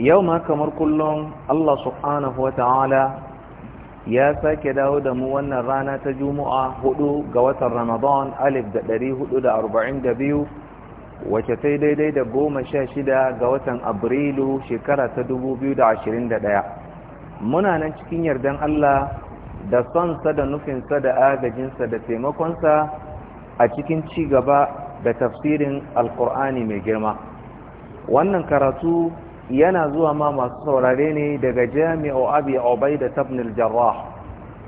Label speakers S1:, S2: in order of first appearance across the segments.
S1: yau ma kamar kullum Allah subhanahu wa ta'ala ya sake dawo da mu wannan rana ta juma'a hudu ga watan ramadan alif da ɗari hudu da arba'in da biyu wace ta daidai da goma sha shida ga watan abrilu shekara ta dubu biyu da ashirin da ɗaya muna nan cikin yardan Allah da sonsa da nufinsa da agajinsa da taimakonsa a cikin ci gaba da tafsirin alkur'ani mai girma wannan karatu yana zuwa ma masu saurare ne daga jami'o abi obai da tabnil jarrah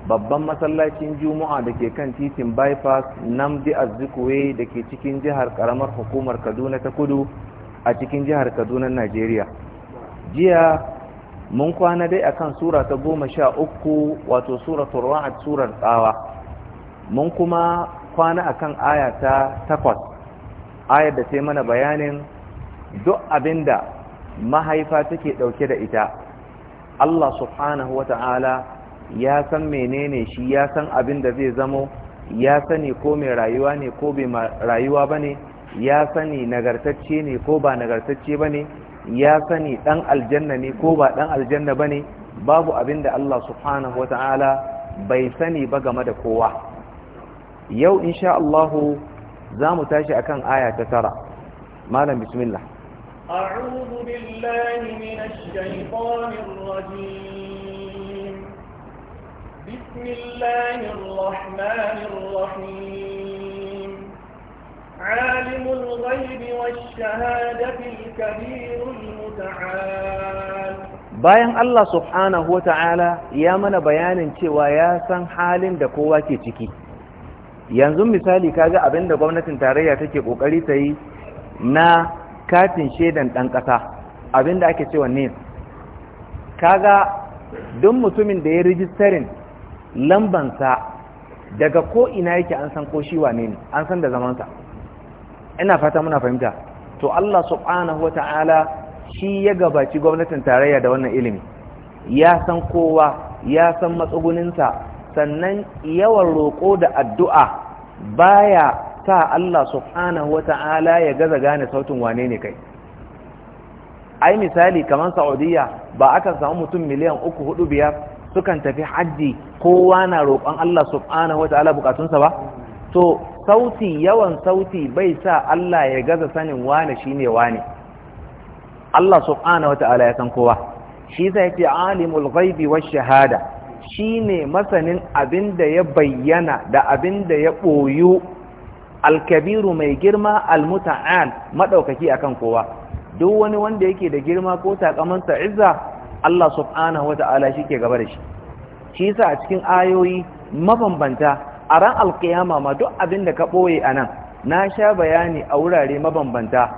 S1: babban masallacin juma'a da ke kan titin bypass a azzikwe da ke cikin jihar karamar hukumar kaduna ta kudu a cikin jihar kaduna najeriya jiya mun kwana dai akan sura ta goma sha uku wato suratul a surar tsawa mun kuma kwana akan aya ta takwas ayar da ta mana bayanin duk abinda mahaifa take dauke da ita Allah subhanahu wa ta'ala ya san menene shi ya san abin da zai zamo ya sani ko mai rayuwa ne ko bai rayuwa bane ya sani nagartacce ne ko ba nagartacce bane ya sani dan aljanna ne ko ba dan aljanna bane babu abin da Allah subhanahu wa ta'ala bai sani ba game da kowa yau insha Allah za mu tashi akan aya ta tara malam bismillah
S2: أعوذ بالله من الشيطان الرجيم بسم الله الرحمن الرحيم عالم الغيب والشهادة الكبير المتعال
S1: bayan Allah subhanahu wa ta'ala ya mana bayanin cewa ya san halin da kowa ke ciki yanzu misali kaga abinda gwamnatin tarayya take kokari ta yi na katin shaidan ɗan ƙasa abinda ake cewa ne kaga don mutumin da ya rijistarin lambansa daga ko ina yake an san ko shi wane ne an san da zamansa ina fata muna fahimta to Allah subhanahu wata'ala shi ya gabaci gwamnatin tarayya da wannan ilimi ya san kowa ya san matsuguninsa sannan yawan roƙo da addu'a baya sa Allah subhanahu wata'ala ya gaza gane sautin wane ne kai ai misali kamar Saudiya ba aka samu mutum miliyan uku hudu biyar sukan tafi hajji kowa na roƙon Allah subhanahu wata'ala bukatunsa ba to sauti yawan sauti bai sa Allah ya gaza sanin wane shine wane Allah subhanahu wata'ala ya san kowa shi zai ce alimul ghaibi wash shahada shine masanin abin da ya bayyana da abin da ya ɓoyu alkabiru mai girma almuta'al madaukaki akan kowa duk wani wanda yake da girma ko takamansa izza Allah subhanahu wata'ala shike gaba da shi shi sa a cikin ayoyi mabambanta a ran alkiyama ma duk abin da ka boye anan na sha bayani a wurare mabambanta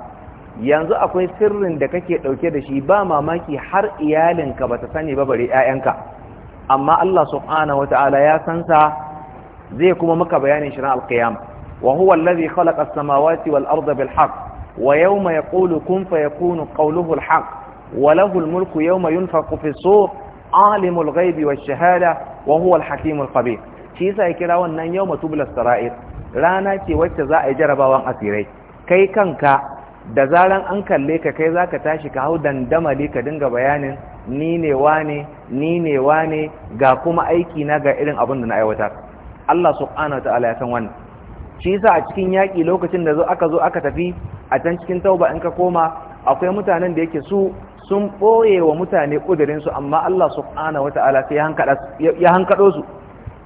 S1: yanzu akwai sirrin da kake dauke da shi ba mamaki har iyalinka bata sani ba bare ƴaƴanka amma Allah subhanahu wata'ala ya san sa zai kuma maka bayanin shirin alkiyama وهو الذي خلق السماوات والأرض بالحق ويوم يقول كن فيكون قوله الحق وله الملك يوم ينفق في الصور عالم الغيب والشهادة وهو الحكيم القبيح كيسا يكرا وأن يوم تبل السرائر لا ناتي وجزاء جربا وان أسيري كي كنكا دزالا أنك ليك كي ذاك تاشك أو دندم ليك دنغ بيان نيني واني نيني واني غاكوما أيكي ناغا إلن أبندنا أيوتا الله سبحانه وتعالى يسوان shi yasa a cikin yaƙi lokacin da aka zo aka tafi a can cikin tauba in ka koma akwai mutanen da yake su sun ɓoye wa mutane ƙudurinsu amma Allah subhanahu wata'ala sai ya hankaɗo su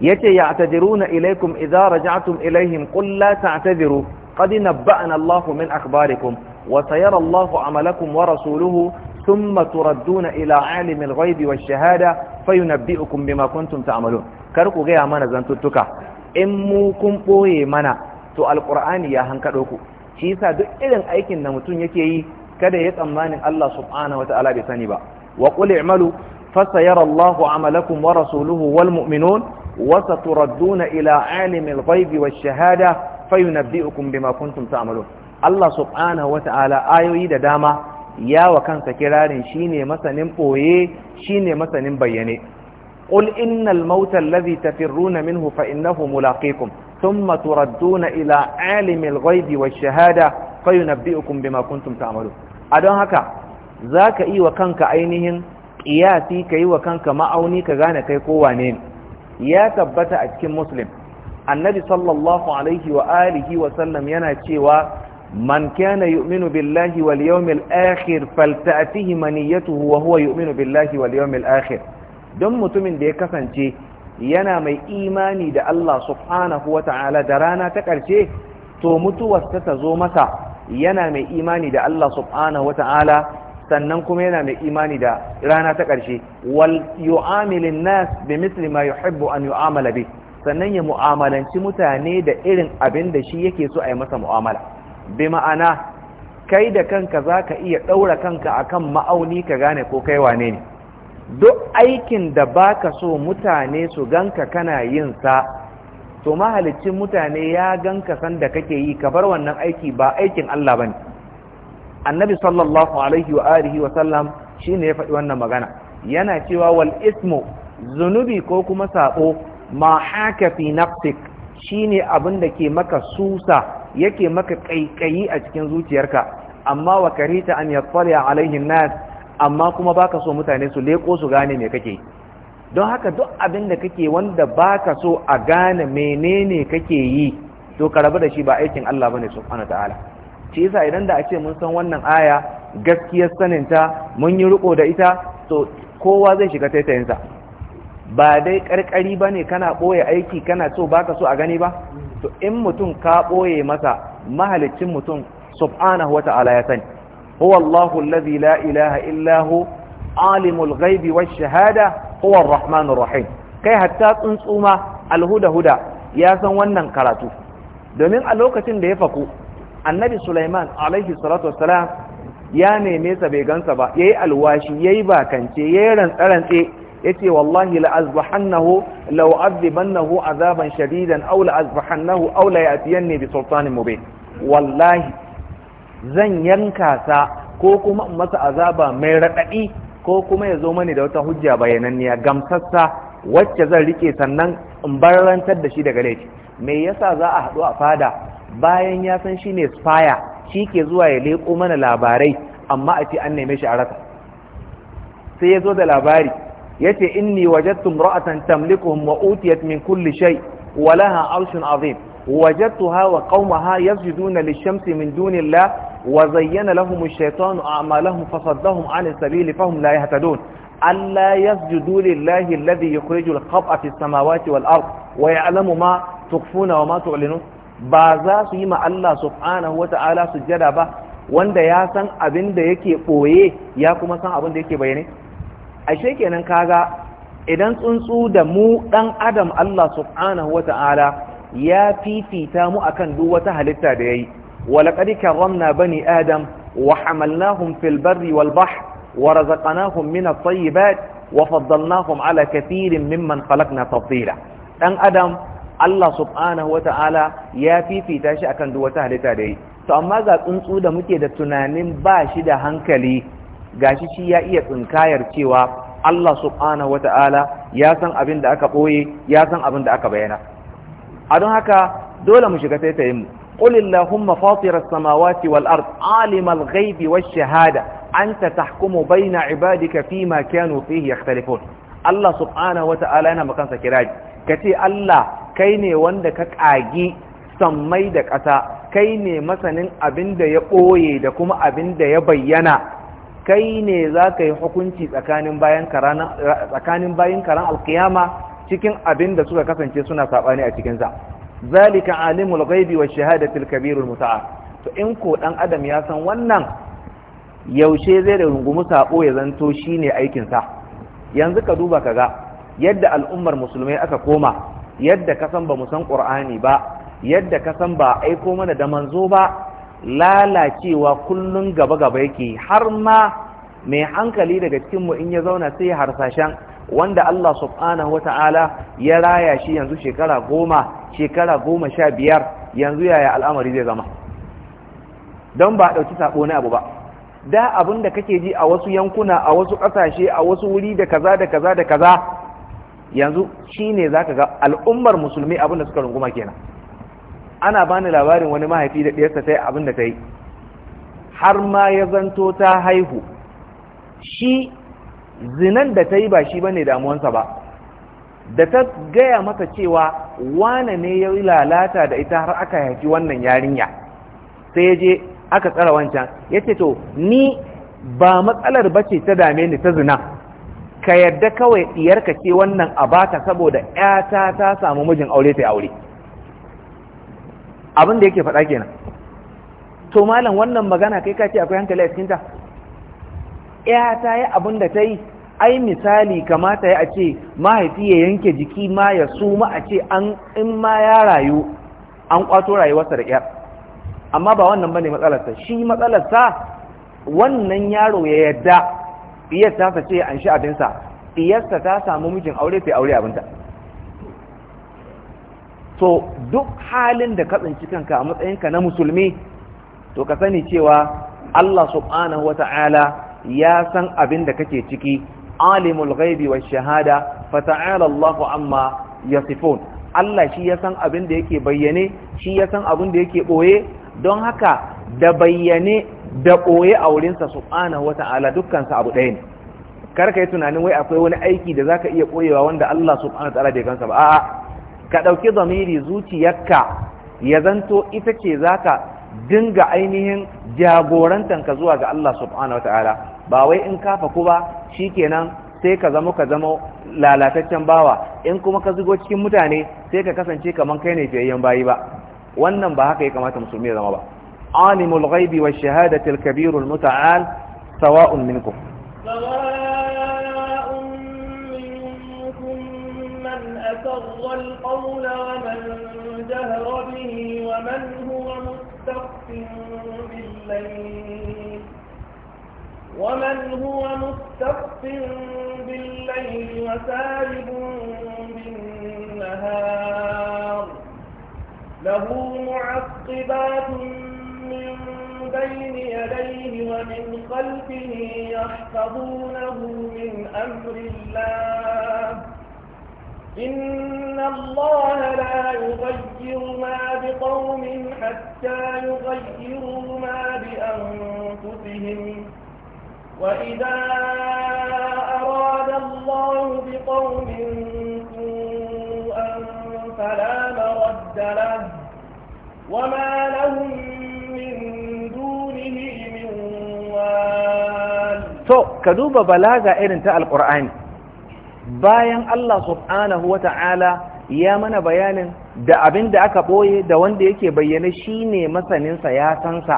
S1: ya ce ya na ilaikum idza raja'tum ilaihim qul la ta'tadiru qad nabba'ana Allah min akbarikum wa sayara allahu amalakum wa rasuluhu thumma turadduna ila alimil ghaibi wa shahada fayunabbi'ukum bima kuntum ta'malun kar ku gaya mana zantuttuka in mu kun ɓoye mana to alƙur'ani ya hankaɗo ku shi yasa duk irin aikin da mutum yake yi kada ya tsammanin Allah subhanahu wata'ala bai sani ba wa qul i'malu fasayara Allahu amalakum wa rasuluhu wal mu'minun wa saturadduna ila alimil ghaibi wash shahada fayunabbi'ukum bima kuntum ta'malun Allah subhanahu wata'ala ayoyi da dama ya wa kansa kirarin shine masanin ɓoye, shine masanin bayyane قل إن الموت الذي تفرون منه فإنه ملاقيكم ثم تردون إلى عالم الغيب والشهادة فينبئكم بما كنتم تعملون أدوان هكا ذاك إي وكانك أينهن قياسي كي وكانك معوني كغانا كي قوانين يا تبت أجكم مسلم النبي صلى الله عليه وآله وسلم يناتي و من كان يؤمن بالله واليوم الآخر فلتأتيه منيته وهو يؤمن بالله واليوم الآخر don mutumin da ya kasance yana mai imani da Allah subhanahu wa ta'ala da rana ta ƙarshe to mutuwarsa ta zo masa yana mai imani da Allah subhanahu wa ta'ala sannan kuma yana mai imani da rana ta ƙarshe wal yu'amilin nas bi misli ma yuhibbu an yu'amala bi sannan ya mu'amalanci mutane da irin abin da shi yake so a yi masa mu'amala bi ma'ana kai da kanka za ka iya ɗaura kanka akan ma'auni ka gane ko kai wane ne duk aikin da ba ka so mutane su ganka kana yin sa to mahalicin mutane ya ganka san da kake yi ka bar wannan aiki ba aikin Allah ba ne. annabi sallallahu alaihi wa alihi wa sallam shine ya faɗi wannan magana yana cewa wal ismu zunubi ko kuma saɓo ma haka fi shi ne abin da ke maka susa yake maka kaikayi a cikin zuciyarka amma wa karita an yattali alaihin nas amma kuma baka so mutane su leko su gane me kake don haka duk abin da kake wanda baka so a gane menene kake yi to ka rabu da shi ba aikin Allah bane subhanahu ta'ala shi yasa idan da a ce mun san wannan aya gaskiyar saninta mun yi riko da ita to kowa zai shiga taitayinsa ba dai karkari bane kana boye aiki kana so baka so a gani ba to in mutum ka boye masa mahalicin mutum subhanahu ta'ala ya sani هو الله الذي لا إله إلا هو عالم الغيب والشهادة هو الرحمن الرحيم kai hatta tsuntsuma alhuda-huda ya san wannan karatu domin a lokacin da ya faku annabi Sulaiman alaihi salatu wassalam ya neme sa bai gansa ba yayi alwashi yayi bakance yayi ya yace wallahi la azbahannahu law azaban shadidan aw la azbahannahu aw la yatiyanni bi sultanin mubin wallahi zan yanka sa ko kuma in masa azaba mai raɗaɗi ko kuma ya zo mani da wata hujja bayananniya gamsassa wacce zan rike sannan in barantar da shi daga laifi me yasa za a haɗu a fada bayan ya san shi ne spaya shi ke zuwa ya leƙo mana labarai amma a ce an neme shi a rasa sai ya zo da labari ya ce inni wajattu ra'atan tamlikuhum wa utiyat min kulli shai, wa laha arshun azim wajadtuha wa qaumaha yasjuduna lish-shamsi min dunillah وزين لهم الشيطان أعمالهم فصدهم عن السبيل فهم لا يهتدون ألا يسجدوا لله الذي يخرج الخبأ في السماوات والأرض ويعلم ما تخفون وما تعلنون بازا سيما الله سبحانه وتعالى سجد ba? wanda ya san abin da yake ɓoye ya kuma san abin da yake bayane ashe kenan kaga idan tsuntsu da mu ɗan adam Allah subhanahu wa ta'ala ya fifita mu akan duk wata halitta da ya yi ولقد كرمنا بني آدم وحملناهم في البر والبحر ورزقناهم من الطيبات وفضلناهم على كثير ممن خلقنا تفضيلا أن أدم Allah subhanahu wa ta'ala ya fifita shi akan duk wata da yi to amma ga tsuntsu da muke da tunanin ba shi da hankali gashi shi ya iya tsinkayar cewa Allah subhanahu wa ta'ala ya san abin da aka ɓoye ya san abin da aka bayyana. a don haka dole mu shiga taitayin mu قل اللهم فاطر السماوات والأرض عالم الغيب والشهادة أنت تحكم بين عبادك فيما كانوا فيه يختلفون الله سبحانه وتعالى أنا مكان سكراج كتي الله كيني وندك أجي سميدك أتا كيني مثلا أبند يقوي دكما أبند يبينا kai ne za ka yi hukunci tsakanin bayan karan alkiyama cikin abin da suka kasance suna saɓani a cikinsa zalika alimul ghaibi wa shahadatul kabirul muta'a to in ko dan adam ya san wannan yaushe zai da rungumi sabo ya zanto shine aikin sa yanzu ka duba kaga yadda al'ummar musulmai aka koma yadda ka san ba mu san qur'ani ba yadda ka san ba aiko mana da manzo ba lalacewa kullun gaba gaba yake har ma mai hankali daga cikin mu in ya zauna sai harsashen wanda Allah subhanahu Ta'ala ya raya shi yanzu shekara goma shekara goma sha biyar yanzu yaya al'amari zai zama don ba a ɗauki saɓo na abu ba da abin da kake ji a wasu yankuna a wasu ƙasashe a wasu wuri da kaza da kaza da kaza yanzu shi ne za ka ga al'ummar musulmi abin da suka runguma kenan ana bani labarin wani mahaifi da ɗiyarsa ta yi abin da ta yi har ma ya zanto ta haihu shi zinan da ta yi ba shi bane damuwansa ba da ta gaya maka cewa wane ne ya yi lalata da ita har aka haifi wannan yarinya sai ya je aka tsara wancan ya ce to ni ba matsalar ba ce ta dame ni ta zina ka yarda kawai diyarka ce wannan a bata saboda 'yata ta samu mijin aure ta aure abin da yake faɗa kenan to malam wannan magana kai ka ce akwai hankali a cikinta ya ta yi abin da ta yi ai misali kamata ya a ce mahaifi ya yanke jiki ma ya suma a ce in ma ya rayu an kwato rayuwarsa da ƙyar amma ba wannan bane matsalarsa shi matsalarsa wannan yaro ya yadda diyar ta ce an shi abinsa diyarsa ta samu mijin aure sai aure abinta so duk halin da ka tsinci kanka a matsayinka na musulmi to ka sani cewa Allah subhanahu ta'ala ya san abin da kake ciki alimul ghaibi wa shahada ta'ala Allahu amma yasifun Allah shi ya san abin da yake bayyane shi ya san abin da yake boye don haka da bayyane da boye a wurin sa subhanahu wata'ala dukkan sa abu ɗaya kar ka yi tunanin wai akwai wani aiki da zaka iya koyewa wanda Allah subhanahu wata'ala bai kansa ba a'a ka dauki zamiri zuciyarka ya zanto ita ce zaka dinga ainihin jagorantan ka zuwa ga Allah subhanahu ta'ala ba wai in kafa ku ba shikenan sai ka zama ka zama lalataccen bawa in kuma ka zugo cikin mutane sai ka kasance kamar kai ne fiyayyen bayi ba wannan ba haka ya kamata musulmi ya zama ba alimul ghaibi wash shahadati al al-muta'al sawa'un minkum
S2: sawa'un minkum man asarra al-qawla wa man jahara bi ومن هو مستقف بالليل وسارب بالنهار له معقبات من بين يديه ومن خلفه يحفظونه من أمر الله إن الله لا يغير ما بقوم حتى يغيروا ما بأنفسهم وإذا أراد الله بقوم سوءا فلا مرد له وما لهم من دونه
S1: من وال تو كدوب بلاغة bayan Allah subhanahu wata'ala ya mana bayanin da abin da aka ɓoye da wanda yake bayyane shine masaninsa ya sansa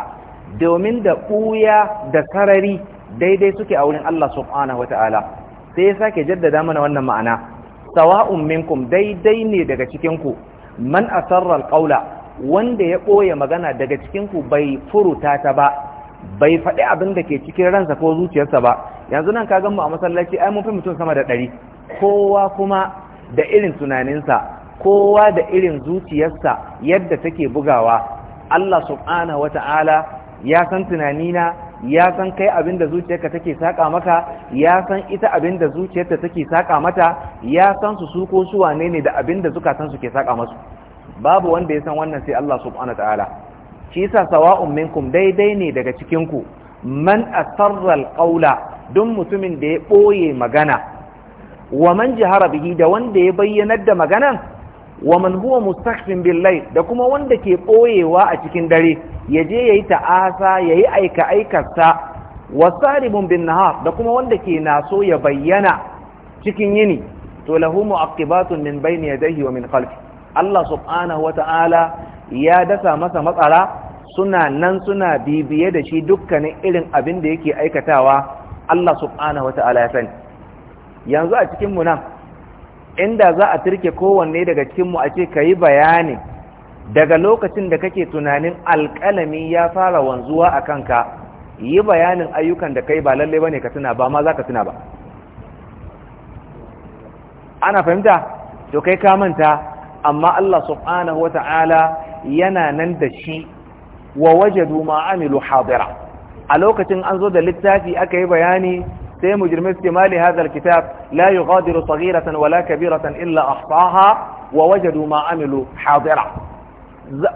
S1: domin da ɓuya da sarari daidai suke a wurin Allah subhanahu wata'ala sai ya sake jaddada mana wannan ma'ana sawa'un minkum daidai ne daga cikin ku man asarra alqaula wanda ya ɓoye magana daga cikin ku bai furuta ta ba bai faɗi abin da ke cikin ransa ko zuciyarsa ba yanzu nan ka ga mu a masallaci ai mun fi mutum sama da ɗari kowa kuma da irin tunaninsa kowa da irin zuciyarsa yadda take bugawa Allah subhanahu wata'ala ya san tunanina ya san kai abin da zuciyarka take saka maka ya san ita abin da zuciyarta take saka mata ya san su su ko su wane ne da abin da san su ke saka masu babu wanda ya san wannan sai Allah subhanahu ta'ala shi yasa sawa'un minkum daidai ne daga cikin ku man asarra alqawla duk mutumin da ya boye magana wa man jahara bihi da wanda ya bayyanar da maganan wa man huwa mustaqfin bil da kuma wanda ke boyewa a cikin dare ya je yayi ta'asa yayi aika aikarsa wa saribun bin nahar da kuma wanda ke na so ya bayyana cikin yini to lahu mu'aqibatun min bayni yadayhi wa min khalfi Allah subhanahu wa ta'ala ya dasa masa matsara suna nan suna bibiye da shi dukkanin irin abin da yake aikatawa Allah subhanahu wa ta'ala ya sani yanzu a cikin mu nan inda za a turke kowanne daga cikinmu a ce ka yi bayani daga lokacin da kake tunanin alƙalami ya fara wanzuwa a kanka yi bayanin ayyukan da kai ba lalle ba ne ka tuna ba ma za ka tuna ba ana fahimta to kai ka manta amma Allah subhanahu wata'ala yana nan da shi wa wajadu ma amilu hadira a lokacin an zo da littafi aka yi bayani sai mujrimai suke mali hadha alkitab la yughadiru saghiratan wala kabiratan illa ahsaha wa wajadu ma amilu hadira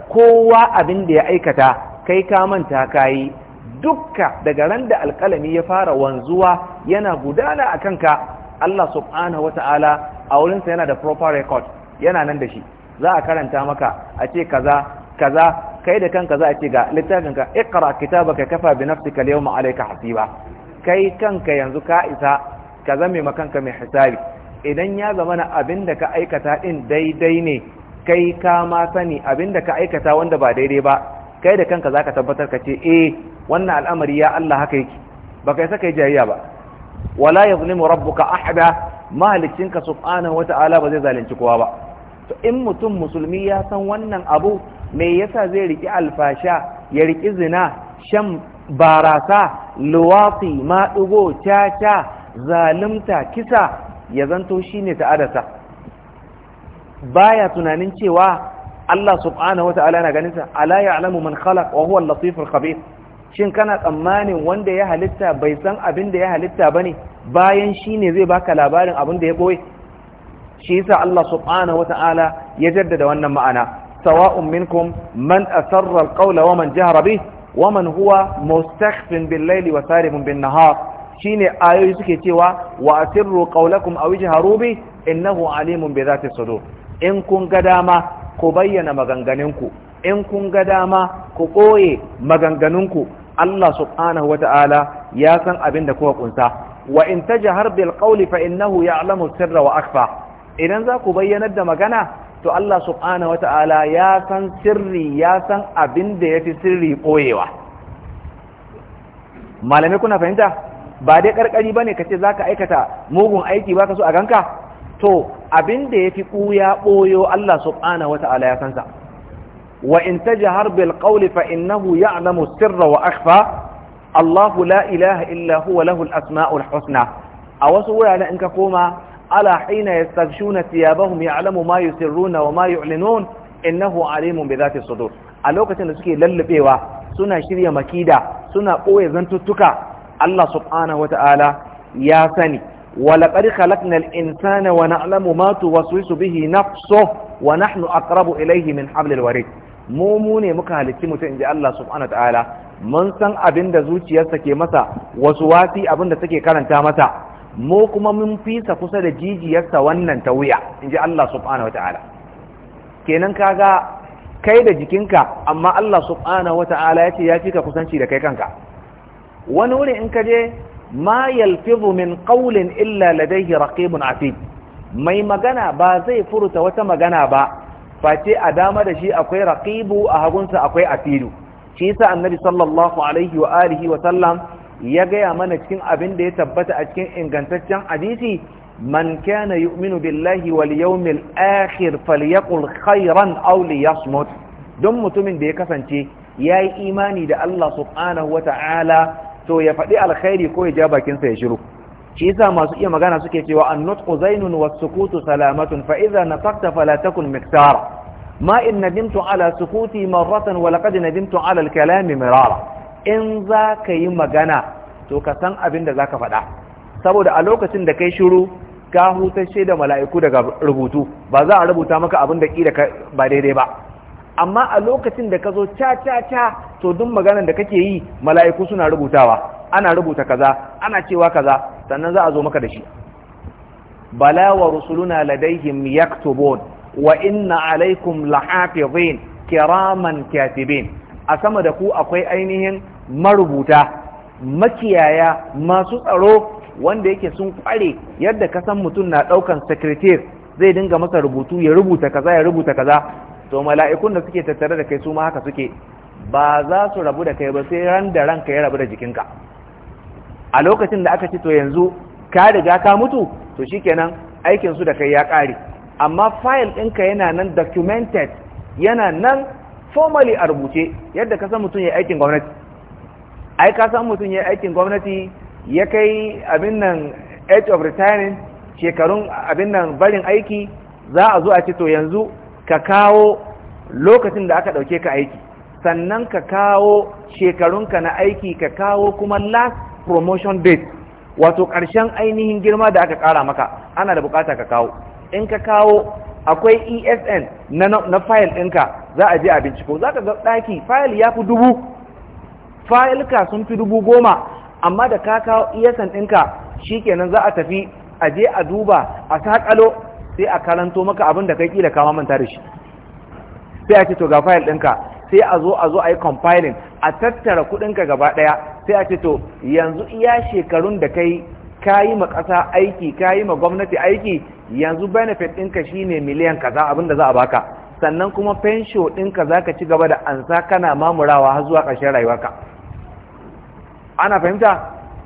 S1: kowa abin da ya aikata kai ka manta kai dukka daga ran da alkalami ya fara wanzuwa yana gudana a kanka Allah subhanahu wa ta'ala a wurinsa yana da proper record yana nan da shi za a karanta maka a ce kaza kaza kai da kanka za a ce ga littafinka ikra kitabaka kafa bi nafsika al-yawma alayka hasiba kai kanka yanzu ka isa ka zame makanka mai hisabi idan ya zama na abin da ka aikata din daidai ne kai ka ma sani abin da ka aikata wanda ba daidai ba kai da kanka zaka tabbatar ka ce eh wannan al'amari ya Allah haka yake baka yi saka jayayya ba wala yuzlimu rabbuka ahada mahaliccinka subhanahu wata'ala ba zai zalunci kowa ba to in mutum musulmi ya san wannan abu me yasa zai riki alfasha ya riki zina shan barasa luwafi, maɗigo caca zalimta kisa ya zanto shine ta'adarsa baya tunanin cewa Allah subhanahu Ta'ala na ganinsa ala ya'lamu man khalaq wa huwa al-latiful khabir shin kana tsammanin wanda ya halitta bai san abin da ya halitta bane bayan shine zai baka labarin abin da ya boye shi yasa Allah subhanahu Ta'ala ya jaddada wannan ma'ana sawa'un minkum man asarra al-qawla wa man jahara waman huwa mustakhfin bil laili wa sarihun bin nahar shine ayoyi suke cewa wa asirru qawlakum aw ijharu bi innahu alimun bi dhati sudur in kun ga dama ku bayyana maganganunku in kun ga dama ku koye maganganunku Allah subhanahu wa ta'ala ya san abin da kuka kunsa wa in tajhar bil qawli fa innahu ya'lamu sirra wa akhfa idan za ku bayyanar da magana to Allah subhanahu wata'ala ya san sirri ya san abin da ya fi sirri ɓoyewa malamai kuna fahimta ba dai ƙarƙari ba ne ka ce za ka aikata mugun aiki ba ka so a ganka to abin da ya fi ƙuya ɓoyo Allah subhanahu wata'ala ya san sa wa in tajhar bil qawli fa innahu ya'lamu sirra wa akhfa Allahu la ilaha illa huwa lahul asma'ul husna a wasu wuraren in ka koma ala hina yastaghshuna thiyabahum ya'lamu ma yusirruna wa ma yu'linun innahu alimun bi dhati sudur a lokacin da suke lallabewa suna shirya makida suna koye zantuttuka Allah subhanahu wata'ala ya sani wa laqad khalaqnal insana wa na'lamu ma tuwaswisu bihi nafsuhu wa nahnu aqrabu ilayhi min hablil warid mu mu ne muka halicci mutum inji Allah subhanahu wata'ala mun san abin da zuciyarsa ke masa wasu wasi abin da take karanta masa mu kuma mun fisa kusa da jijiyarsa wannan ta wuya in ji Allah subhanahu wata'ala kenan kaga kai da jikinka amma Allah subhanahu wata'ala ya ce ya fi ka kusanci da kai kanka wani wuri in ka je ma yalfizu min qawlin illa ladayhi raqibun atid mai magana ba zai furta wata magana ba face a dama da shi akwai raqibu a hagunsa akwai atidu shi yasa annabi sallallahu alaihi wa alihi wa sallam ya gaya mana cikin abin da ya tabbata a cikin ingantaccen hadisi man kana yu'minu billahi wal yawmil akhir falyaqul khairan aw liyasmut don mutumin da ya kasance yayi imani da Allah subhanahu wata'ala to ya faɗi alkhairi ko ya ja bakin sa ya shiru shi yasa masu iya magana suke cewa an-nutqu zainun was-sukutu salamatun fa idza nafaqta fala takun miktara ma in nadimtu ala sukuti marratan wa laqad nadimtu ala al-kalami mirara in za ka yi magana to ka san abin da za ka faɗa saboda a lokacin da kai shiru ka hutashe da mala'iku daga rubutu ba za a rubuta maka abin da ƙila ba daidai ba amma a lokacin da ka zo ca ca to duk maganar da kake yi mala'iku suna rubutawa ana rubuta kaza ana cewa kaza sannan za a zo maka da shi bala wa rusuluna ladaihim yaktubun wa inna alaikum lahafizin kiraman katibin a sama da ku akwai ainihin marubuta makiyaya masu tsaro wanda yake sun kware yadda ka san mutum na ɗaukan sekretar zai dinga masa rubutu ya rubuta kaza ya rubuta kaza to mala'ikun da suke tattare da kai su ma haka suke ba za su rabu da kai ba sai ran da ranka ya rabu da jikinka a lokacin da aka ci to yanzu ka riga ka mutu to shikenan aikin su da kai ya kare amma fayil ɗinka yana nan documented yana nan formally a rubuce yadda ka san mutum ya aikin gwamnati ai ka san mutum ya aikin gwamnati ya kai abin nan age of retirement shekarun abin nan barin aiki za a zo a ce to yanzu ka kawo lokacin da aka ɗauke ka aiki sannan ka kawo shekarunka na aiki ka kawo kuma last promotion date wato ƙarshen ainihin girma da aka ƙara maka ana da bukata ka kawo in ka kawo akwai esn na, file fayil ɗinka za a je a binciko za ka ga ɗaki fayil ya fi dubu fa'ilka sun fi dubu goma amma da ka kawo iyasan ɗinka shi kenan za a tafi a je a duba a saƙalo sai a karanto maka abin da kai kila kama manta da shi sai a ce to ga fayil ɗinka sai a zo a zo a yi compiling a tattara kuɗinka gaba ɗaya sai a ce to yanzu iya shekarun da kai ka yi ma ƙasa aiki ka yi ma gwamnati aiki yanzu benefit ɗinka shine miliyan kaza abin da za a baka sannan kuma fensho ɗinka za ka ci gaba da ansa kana mamurawa har zuwa ƙarshen rayuwarka ana fahimta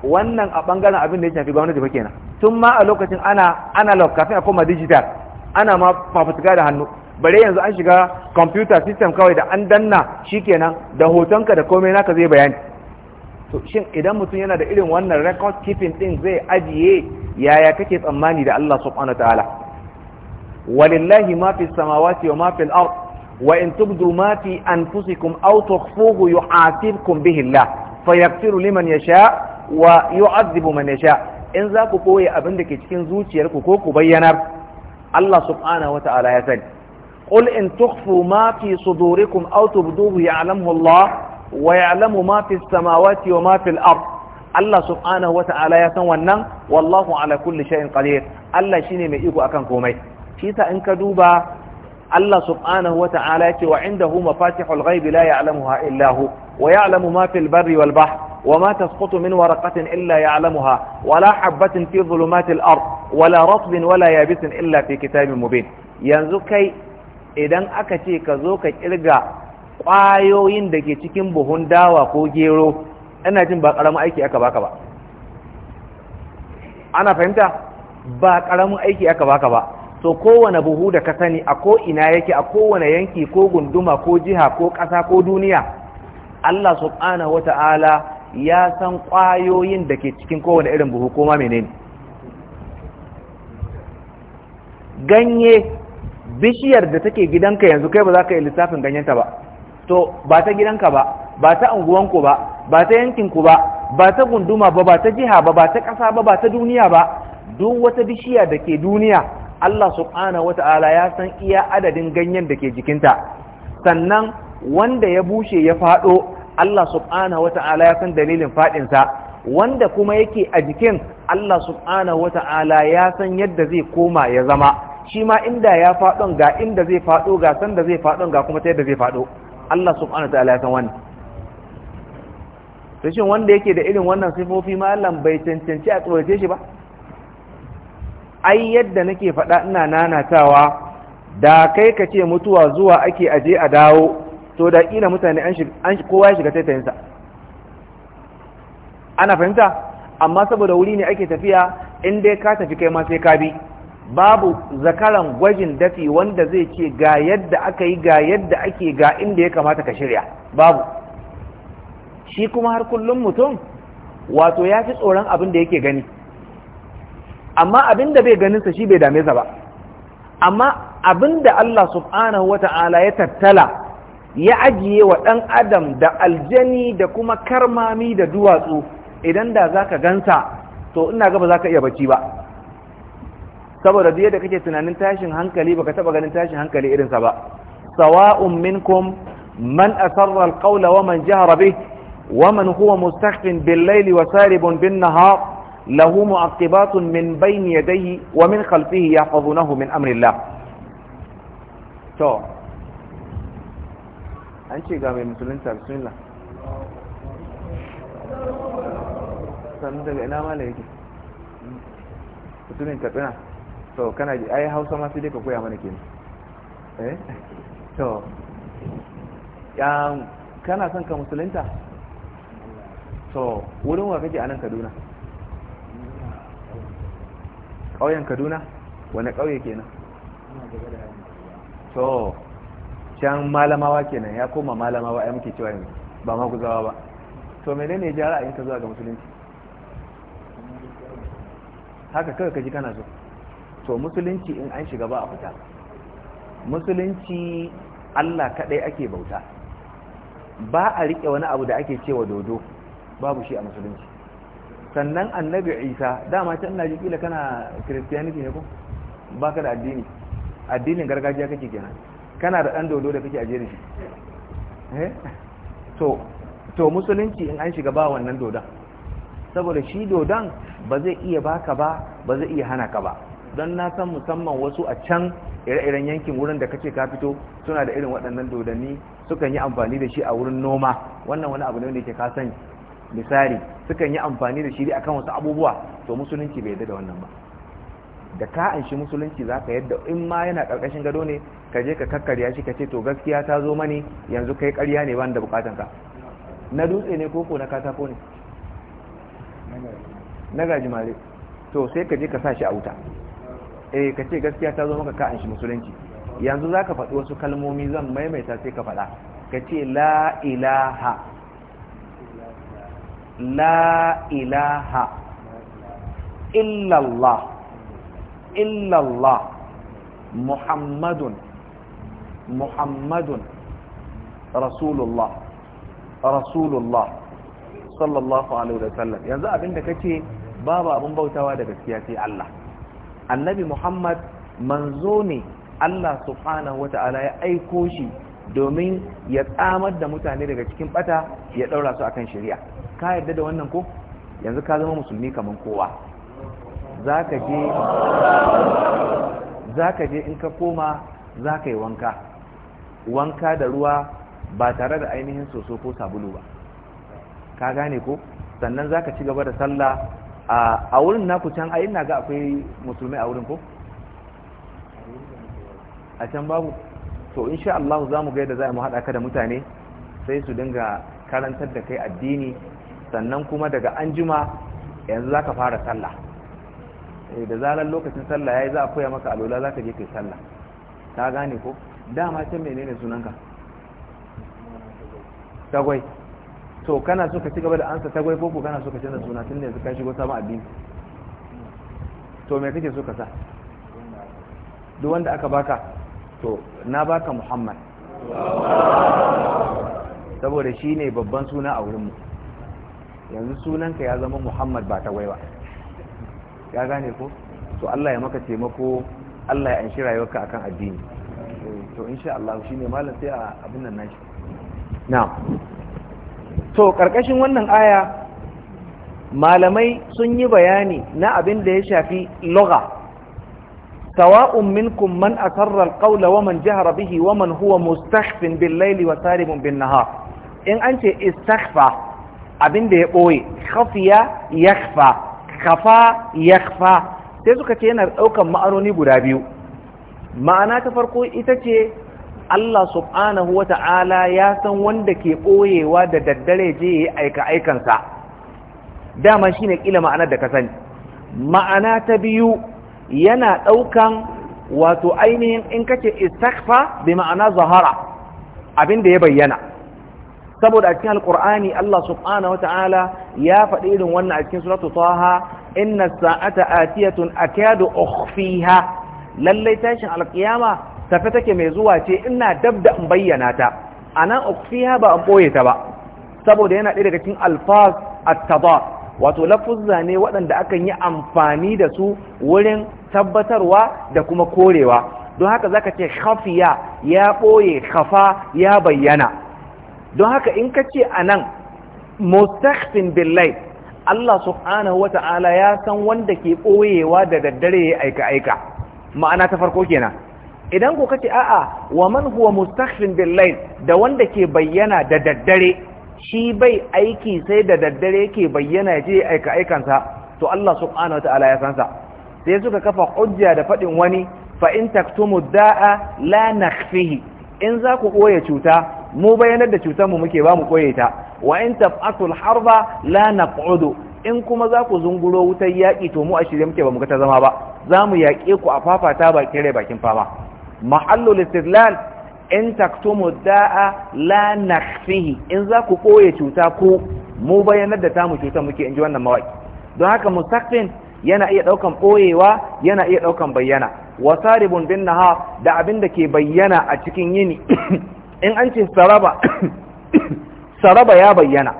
S1: wannan a bangaren abin da ya shafi gwamnati ba kenan tun ma a lokacin ana analog kafin a koma digital ana ma fafutuka da hannu bare yanzu an shiga computer system kawai da an danna shikenan da hotonka da komai naka zai bayani to shin idan mutum yana da irin wannan record keeping din zai ajiye yaya kake tsammani da Allah subhanahu wataala walillahi ma fi samawati wa ma fi al-ard wa in tubdu ma fi anfusikum aw tukhfuhu yuhasibkum bihi Allah fa ya liman yasha wa yu'adhibu man yasha in za ku koye abin da ke cikin zuciyarku ko ku bayyana Allah subhanahu wa ta'ala ya sani qul in tukhfu ma fi sudurikum aw tubduhu ya'lamu Allah wa ya'lamu ma fi samawati wa ma fi al-ard Allah subhanahu wa ta'ala ya san wannan wallahu ala kulli shay'in qadir Allah shine mai iko akan komai shi ta in ka duba Allah subhanahu wa ta'ala ya ce wa indahu mafatihul ghaibi la ya'lamuha illa hu ويعلم ما في البر والبحر وما تسقط من ورقة إلا يعلمها ولا حبة في ظلمات الأرض ولا رطب ولا يابس إلا في كتاب مبين ينزكي إذن أكتي كذوك إرقى ƙwayoyin da ke cikin buhun dawa ko gero ina jin ba ƙaramin aiki aka baka ba fahimta ba aiki aka baka ba to kowane buhu da ka sani a ko ina yake a kowane yanki ko gunduma ko jiha ko ƙasa ko duniya Allah subhanahu wata'ala ya san ƙwayoyin da ke cikin kowane irin buhu koma menene ganye bishiyar da take gidanka yanzu kai ba za ka yi lissafin ganyenta ba to ba ta gidanka ba ba ta unguwanku ba ba ta yankinku ba ba ta gunduma ba ba ta jiha ba ba ta ƙasa ba ba ta duniya ba duk wata bishiya da ke duniya Allah subhanahu wata'ala ya san iya adadin ganyen da ke jikinta sannan wanda ya bushe ya faɗo Allah subhanahu wata'ala ya san dalilin faɗinsa wanda kuma yake a jikin Allah subhanahu wata'ala ya san yadda zai koma ya zama shi ma inda ya faɗon ga inda zai faɗo ga san da zai faɗon ga kuma ta yadda zai faɗo Allah subhanahu wata'ala ya san wannan to shin wanda yake da irin wannan sifofi malam bai cancanci a tsorace shi ba ai yadda nake faɗa ina nanatawa da kai ka ce mutuwa zuwa ake aje a dawo to da ina mutane an kowa ya shiga taitayinsa ana fahimta amma saboda wuri ne ake tafiya in ka tafi kai ma sai ka bi babu zakaran gwajin dafi wanda zai ce ga yadda aka yi ga yadda ake ga inda ya kamata ka shirya babu shi kuma har kullum mutum wato ya fi tsoron abin da yake gani amma abin da bai ganinsa shi bai dame sa ba amma abin da Allah subhanahu wa ta'ala ya tattala ya ajiye wa ɗan adam da aljani da kuma karmami da duwatsu idan da za ka gansa to ina gaba za ka iya bacci ba saboda duk da kake tunanin tashin hankali baka taba ganin tashin hankali irinsa ba sawa'un minkum man asarra alqawla wa man jahara bih wa man huwa mustaqim bil Laili wa saribun bin-nahar lahu mu'aqibatun min bayni yadayhi wa min khalfihi yahfazunahu min amri Allah to an ce ga mai musulunta bismillah sannu daga ina mala yake mutumin katsina to kana ji ai hausa ma sai dai ka koya mana ke eh to kana son ka musulunta to wurin wa kake a nan kaduna ƙauyen kaduna wani ƙauye kenan to can malamawa kenan ya koma malamawa ya muke cewa ba ma guzawa ba to menene ya jara in ka zuwa ga musulunci haka kawai kaji kana so to musulunci in an shiga ba a fita musulunci Allah kadai ake bauta ba a rike wani abu da ake cewa dodo babu shi a musulunci sannan annabi isa dama can na jikila kana christianity ne ko baka da addini addinin gargajiya kake kenan kana da ɗan dodo da kake aje da shi eh? to musulunci in an shiga ba wannan dodon saboda shi dodon ba zai iya baka ba ba zai iya hana ka ba don na san musamman wasu a can ire-iren yankin wurin da kace ka fito suna da irin waɗannan dodanni sukan yi amfani da shi a wurin noma wannan wani abu ne da yake ka sani misali sukan yi amfani da shi akan wasu abubuwa to musulunci bai yarda da wannan ba da ka shi musulunci za ka yadda in ma yana ƙarƙashin gado ne ka je ka kakkarya shi ka ce to gaskiya ta zo mani yanzu kai ƙarya ne wanda da bukatanka na dutse ne koko na katako ne na gajimare to sai ka je ka sa shi a wuta eh ka ce gaskiya ta zo maka ka shi musulunci yanzu za ka faɗi wasu kalmomi zan maimaita sai ka faɗa ka ce la ilaha la ilaha illallah illallah muhammadun muhammadun rasulullah rasulullah sallallahu alaihi wasallam yanzu abinda kace babu abun bautawa da gaskiya sai Allah annabi muhammad manzo ne Allah subhanahu wata'ala ya aiko shi domin ya tsamar da mutane daga cikin bata ya daura su akan shari'a ka yarda da wannan ko yanzu ka zama musulmi kaman kowa za ka je in ka koma zaka yi wanka wanka da ruwa ba tare da ainihin soso ko sabulu ba ka gane ko sannan za ci gaba da sallah a wurin naku can ayin na ga akwai musulmai a wurin ko a can babu to insha Allah za mu yadda za mu haɗa ka da mutane sai su dinga karantar da kai addini sannan kuma daga anjima yanzu zaka fara sallah Eh, da zarar lokacin sallah ya yi za a koya maka alola za ka je kai sallah ta gane ko dama can menene sunanka tagwai to kana so ka ci gaba da ansa tagwai ko ko kana so ka canza suna tun da yanzu ka shigo sabon addini to me kake so ka sa duk wanda aka baka to na baka muhammad saboda shi ne babban suna a wurinmu yanzu sunanka ya zama muhammad ba tagwai ba ya gane ko to Allah ya maka taimako Allah ya anshi rayuwarka akan addini to insha Allah shine malam sai a abin nan nashi na'am to karkashin wannan aya malamai sun yi bayani na abin da ya shafi lugha سواء منكم من أسر القول ومن جهر به ومن هو in an ce بالنهار إن أنت استخفى أبين ده قوي خفية يخفى kafa yakfa sai suka ce yana ɗaukan ma'anoni guda biyu ma'ana ta farko ita ce Allah subhanahu wa ta'ala ya san wanda ke ɓoyewa da daddare je ya aika aikansa dama shi ne ƙila ma'anar da ka sani ma'ana ta biyu yana ɗaukan wato ainihin in kace istakfa bi ma'ana zahara abin da ya bayyana saboda a cikin alkur'ani Allah subhanahu wataala ya faɗi irin wannan a cikin suratu taha inna sa'ata atiyatun akadu ukhfiha lallai tashin alqiyama tafi take mai zuwa ce ina dabda in bayyana ta anan ukhfiha ba an boye ta ba saboda yana ɗaya daga cikin alfaz at-tadar wato lafuzza ne waɗanda akan yi amfani da su wurin tabbatarwa da kuma korewa don haka zaka ce khafiya ya boye khafa ya bayyana don haka in ka ce a nan mustaqsin billahi Allah subhanahu Ta'ala ya san wanda ke ɓoyewa da daddare ya aika aika ma'ana ta farko kenan idan ku kace a'a wa man huwa mustaqsin billahi da wanda ke bayyana da daddare shi bai aiki sai da daddare yake bayyana ya je aika aikansa to Allah subhanahu Ta'ala ya san sa sai suka kafa hujja da faɗin wani fa in taktumu da'a la nakhfihi in za ku ɓoye cuta mu bayanar da cutar mu muke ba mu koye ta wa in tab'atul harba la naq'udu in kuma za ku zunguro wutar yaƙi to mu a shirye muke ba mu ga ta zama ba za mu yaƙe ku a fafata ba kire bakin fama mahallu istidlal in taktumu da'a la nakhfihi in za ku koye cuta ku mu bayanar da tamu cutar muke in ji wannan mawaki don haka mustaqbin yana iya ɗaukan ɓoyewa yana iya ɗaukan bayyana wasaribun bin da abin da ke bayyana a cikin yini in an ce saraba saraba ya bayyana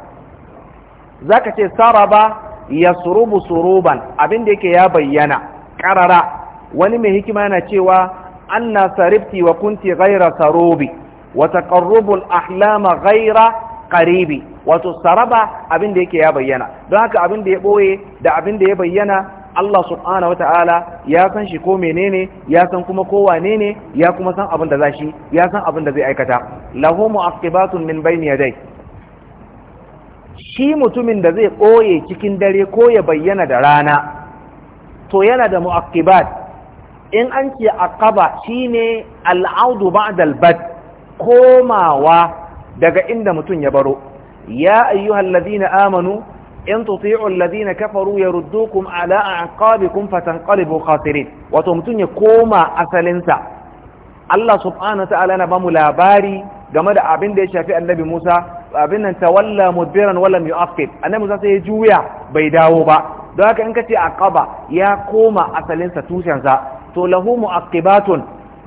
S1: za ka ce saraba ya surubu suruban abinda yake ya bayyana Karara wani mai hikima yana cewa anna sarifti wa kunti gaira sarobi wata ƙarrubul ahlama gaira ƙaribi wato saraba abinda yake ya bayyana don haka abinda ya ɓoye da abinda ya bayyana Allah subhanahu wataala ya san shi ko menene ya san kuma ko wane ne ya kuma san abin da za shi ya san abin da zai aikata lahu mu'aqibatun min bayni yadai shi mutumin da zai koye cikin dare ko ya bayyana da rana to yana da mu'aqibat in an ce aqaba shine al'audu ba'da al-bad komawa daga inda mutum ya baro ya ayyuhal ladina amanu in tuti'u alladhina kafaru yaruddukum ala a'qabikum fatanqalibu khasirin wato mutun ya koma asalinsa Allah subhanahu wa ta'ala na bamu labari game da abin da ya shafi annabi Musa abin nan tawalla mudbiran wala yu'aqqib annabi Musa sai ya juya bai dawo ba don haka in kace aqaba ya koma asalinsa tushensa to lahu mu'aqqibatun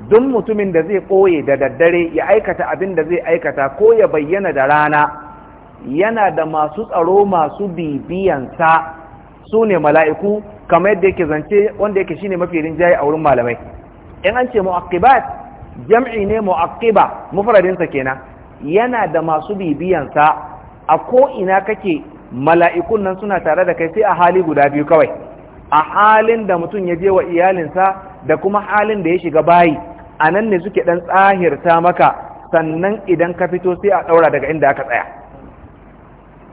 S1: duk mutumin da zai koye da daddare ya aikata abin da zai aikata ko ya bayyana da rana yana da masu tsaro masu bibiyansa su ne mala'iku kamar yadda yake zance wanda yake shine mafi rinjaye a wurin malamai in an ce mu'aqqibat jam'i ne mu'aqqiba mufradinsa kenan yana da masu bibiyansa a ko ina kake mala'ikun nan suna tare da kai sai a hali guda biyu kawai a halin da mutum ya je wa iyalinsa da kuma halin da ya shiga bayi a nan ne suke ɗan tsahirta maka sannan idan ka fito sai a ɗaura daga inda aka tsaya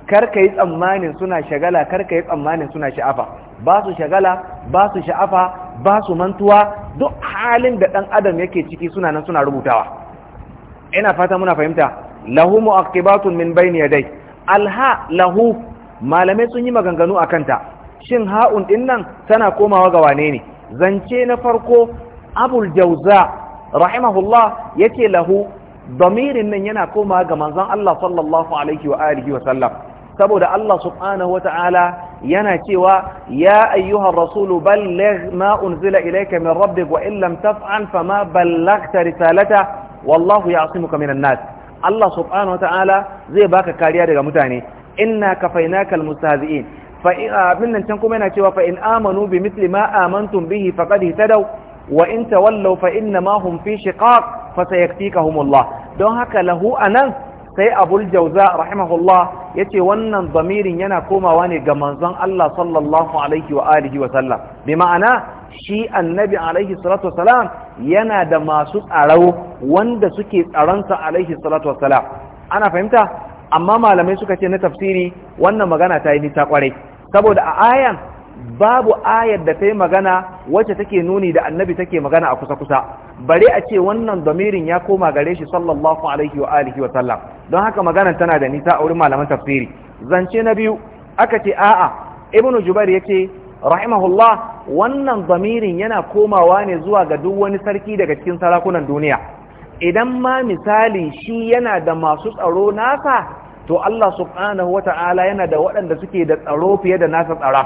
S1: karka yi tsammanin suna shagala karka yi tsammanin suna sha'afa ba su shagala ba su sha'afa ba su mantuwa duk halin da ɗan adam yake ciki suna nan suna rubutawa ina fata muna fahimta lahu mu'aqibatun min bayni yadai alha lahu malamai sun yi maganganu a kanta shin ha'un din nan tana komawa ga wane ne zance na farko abul jauza rahimahullah yace lahu damirin nan yana komawa ga manzon Allah sallallahu alaihi wa alihi wa sallam saboda Allah subhanahu wata'ala yana cewa ya ayyuhar rasulu balligh ma unzila ilayka min rabbik wa in taf'al fama ballaghta risalata wallahu ya'simuka minan nas Allah subhanahu wata'ala zai baka kariya daga mutane inna kafainaka almustahzi'in fa min ah, nan can kuma yana cewa fa in amanu bi mithli ma amantum bihi faqad ihtadaw wa in tawallaw fa inna ma hum fi shiqaq fa sayaktikahumullah don haka lahu anan sai abul jauza rahimahullah ya ce wannan zamirin yana komawa ne ga manzon Allah sallallahu alaihi wa alihi wa sallam bi ma'ana shi annabi alaihi salatu yana da masu tsaro wanda suke tsaronsa alaihi salatu ana fahimta amma malamai suka ce na tafsiri wannan magana ta yi nisa kwarai saboda a ayan babu ayar da ta yi magana wacce take nuni da annabi take magana a kusa-kusa bare a ce wannan domirin ya koma gare shi sallallahu alaihi wa alihi wa sallam don haka maganar tana da nisa a wurin malaman tafsiri zance na biyu aka ce a'a ibnu jubair yace rahimahullah wannan zamirin yana komawa ne zuwa ga duk wani sarki daga cikin sarakunan duniya idan ma misali shi yana da masu tsaro nasa to Allah subhanahu wata'ala yana da waɗanda suke da tsaro fiye da nasa tsara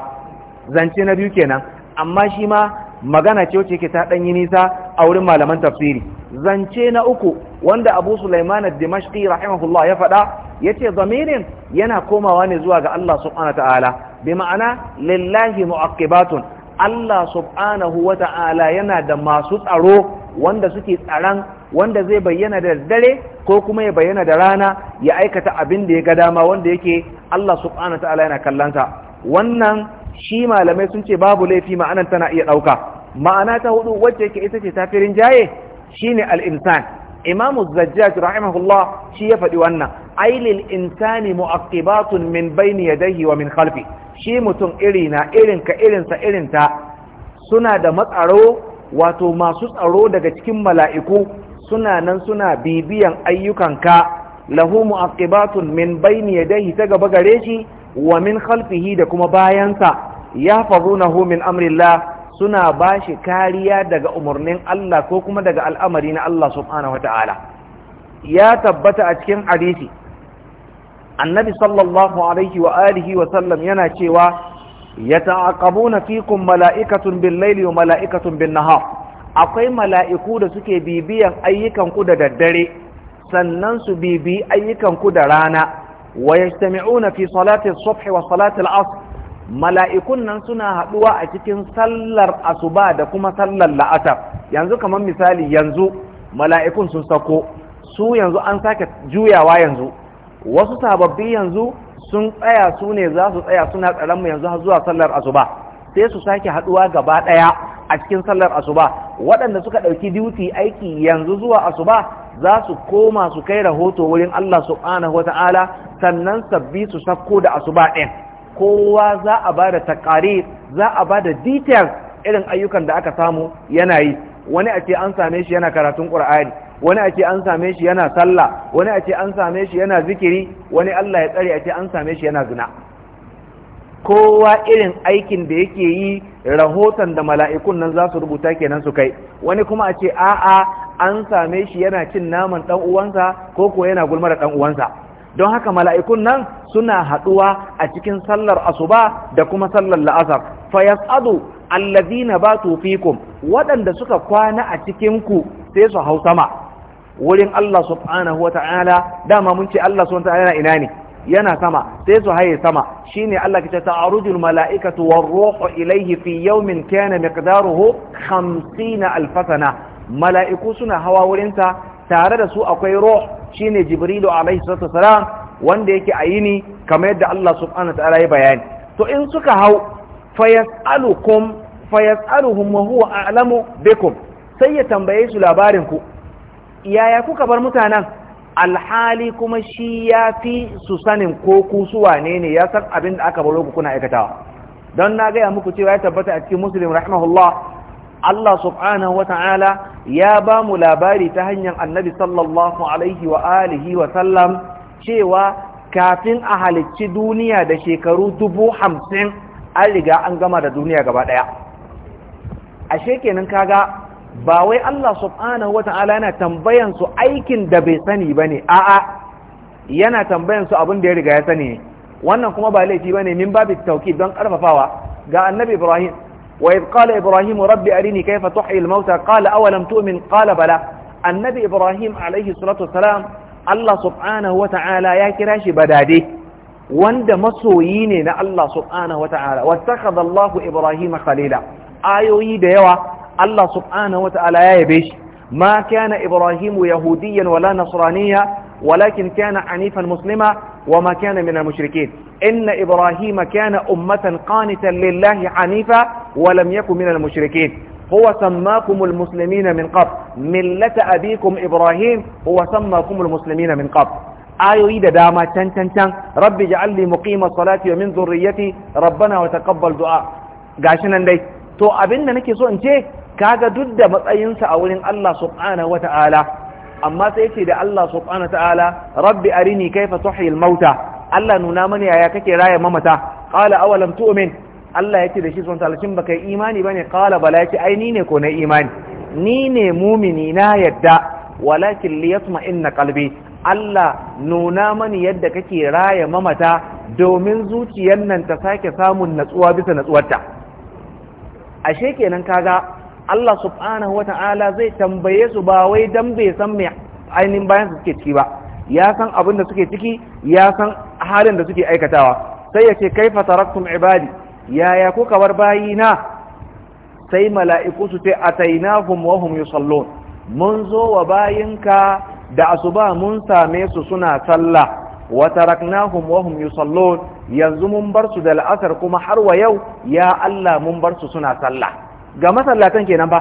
S1: zance na biyu kenan amma shi ma magana ce wacce yake ta ɗanyi nisa a wurin malaman tafsiri zance na uku wanda abu sulaiman ad-dimashqi rahimahullah ya faɗa ce zamirin yana komawa ne zuwa ga Allah subhanahu ta'ala bi ma'ana lillahi mu'aqibatun Allah subhanahu wa ta'ala yana da masu tsaro wanda suke tsaron wanda zai bayyana da dare ko kuma ya bayyana da rana ya aikata abin da ya ga dama wanda yake Allah subhanahu wa ta'ala yana kallanta wannan shi malamai sun ce babu laifi ma'anar tana iya ɗauka ma'ana ta hudu wacce yake ita ce tafirin jaye shine al-insan imamu zajjaj rahimahullah shi ya faɗi wannan ailil insani mu'aqibatun min bayni yadayhi wa min khalfi shi mutum irina irinka irinsa ta, suna da matsaro wato masu tsaro daga cikin mala'iku suna nan suna bibiyan ayyukanka lahu mu'aqibatun min bayni yadayhi ta gaba gare shi wa min khalfihi da kuma bayansa yahfazunahu min amrillah suna ba shi kariya daga umarnin Allah ko kuma daga al'amari na Allah subhanahu wata'ala ya tabbata a cikin hadisi annabi sallallahu alaihi wa alihi wa sallam yana cewa yata'aqabuna fikum mala'ikatun bin laili wa mala'ikatun bin nahar akwai mala'iku da suke bibiyan ayyukanku da daddare sannan su bibi ayyukan ku da rana wa yajtami'una fi salati as-subh wa salati al-'asr mala'ikun nan suna haɗuwa a cikin sallar asuba da kuma sallar la'asar yanzu kamar misali yanzu mala'ikun sun sako su yanzu an sake juyawa yanzu wasu sababbi yanzu sun tsaya su ne za su tsaya suna mu yanzu har zuwa sallar asuba sai su sake haɗuwa gaba ɗaya a cikin sallar asuba waɗanda suka ɗauki duty aiki yanzu zuwa asuba za su koma su kai rahoto wurin Allah subhanahu wata'ala sannan sabbi su sako da asuba ɗin kowa za a ba da takari za a ba da details irin ayyukan da aka samu yana yi wani a ce an same shi yana karatun ƙur'ani wani a ce an same shi yana sallah wani a ce an same shi yana zikiri wani Allah ya tsare a ce an same shi yana zina kowa irin aikin da yake yi rahoton da mala'ikun nan za su rubuta kenan su kai wani kuma a ce a'a an same shi yana cin naman ɗan uwansa ko ko yana gulmar ɗan uwansa don haka mala'ikun nan suna haɗuwa a cikin sallar asuba da kuma sallar la'asar fayasadu allazina batu fikum waɗanda suka kwana a cikin sai su hau sama wurin Allah subhanahu ta'ala, dama mun ce Allah subhanahu wata'ala ina ne yana sama sai su haye sama shine Allah ke ta arujul mala'ikatu war ilaihi ilayhi fi yawmin kana miqdaruhu 50 alf mala'iku suna hawa wurinsa tare da su akwai ruh shine jibrilu alaihi salatu wasalam wanda yake ayini kamar yadda Allah subhanahu ta'ala ya bayani to in suka hau fayasalukum fayasaluhum wa huwa a'lamu bikum sai ya tambaye su labarin ku yaya kuka bar mutanen alhali kuma shi ya fi su sanin ko ku su wane ne ya san abin da aka baro ku kuna aikatawa don na gaya muku cewa ya tabbata a cikin muslim rahimahullah Allah subhanahu wata'ala ya ba mu labari ta hanyar annabi sallallahu alaihi wa alihi wa sallam cewa kafin a halicci duniya da shekaru dubu hamsin an riga an gama da duniya gaba ɗaya ashe kenan kaga ba wai Allah subhanahu wata'ala yana tambayan su aikin da bai sani ba ne. a'a yana tambayan su abin da ya riga ya sani wannan kuma ba laifi ba ne min babu tauki don ƙarfafawa ga annabi Ibrahim وإذ قال إبراهيم رب أريني كيف تحيي الموتى قال أولم تؤمن قال بلى النبي إبراهيم عليه الصلاة والسلام الله سبحانه وتعالى يا كراش بدادي واند مصويين الله سبحانه وتعالى واتخذ الله إبراهيم خليلا آيو يديوا الله سبحانه وتعالى يا بيش ما كان إبراهيم يهوديا ولا نصرانيا ولكن كان عنيفا مسلما وما كان من المشركين إن إبراهيم كان أمة قانتا لله حنيفا ولم يكن من المشركين هو سماكم المسلمين من قبل ملة أبيكم إبراهيم هو سماكم المسلمين من قبل آي إيدا داما تن تن تن رب جعل لي مقيم الصلاة ومن ذريتي ربنا وتقبل دعاء قاشنا لي تو أبننا نكي سوء انتي كاغا دد مطأينسا أولين الله سبحانه وتعالى amma sai ce da Allah subhanahu ta'ala rabbi arini kaifa tuhyi al-mauta Allah nuna mana yaya kake raya mamata qala awalam tu'min Allah yake da shi son talacin baka imani bane qala bala yake ai ni ne ko na imani ni ne mumini na yadda walakin liyatma inna qalbi Allah nuna mani yadda kake raya mamata domin zuciyar nan ta sake samun natsuwa bisa natsuwarta ashe kenan kaga Allah subhanahu ta'ala zai tambaye su ba wai dan bai san mai ainihin bayan su suke ciki ba ya san abin da suke ciki ya san halin da suke aikatawa sai ya ce kaifa taraktum ibadi yaya kuka bar bayi na? sai mala'iku su ce atainahum wa hum yusallun mun zo wa bayinka da asuba mun same su suna sallah wa taraknahum wa hum yusallun yanzu mun bar su da al'asar kuma har wa yau ya Allah mun bar su suna sallah ga masallatan kenan ba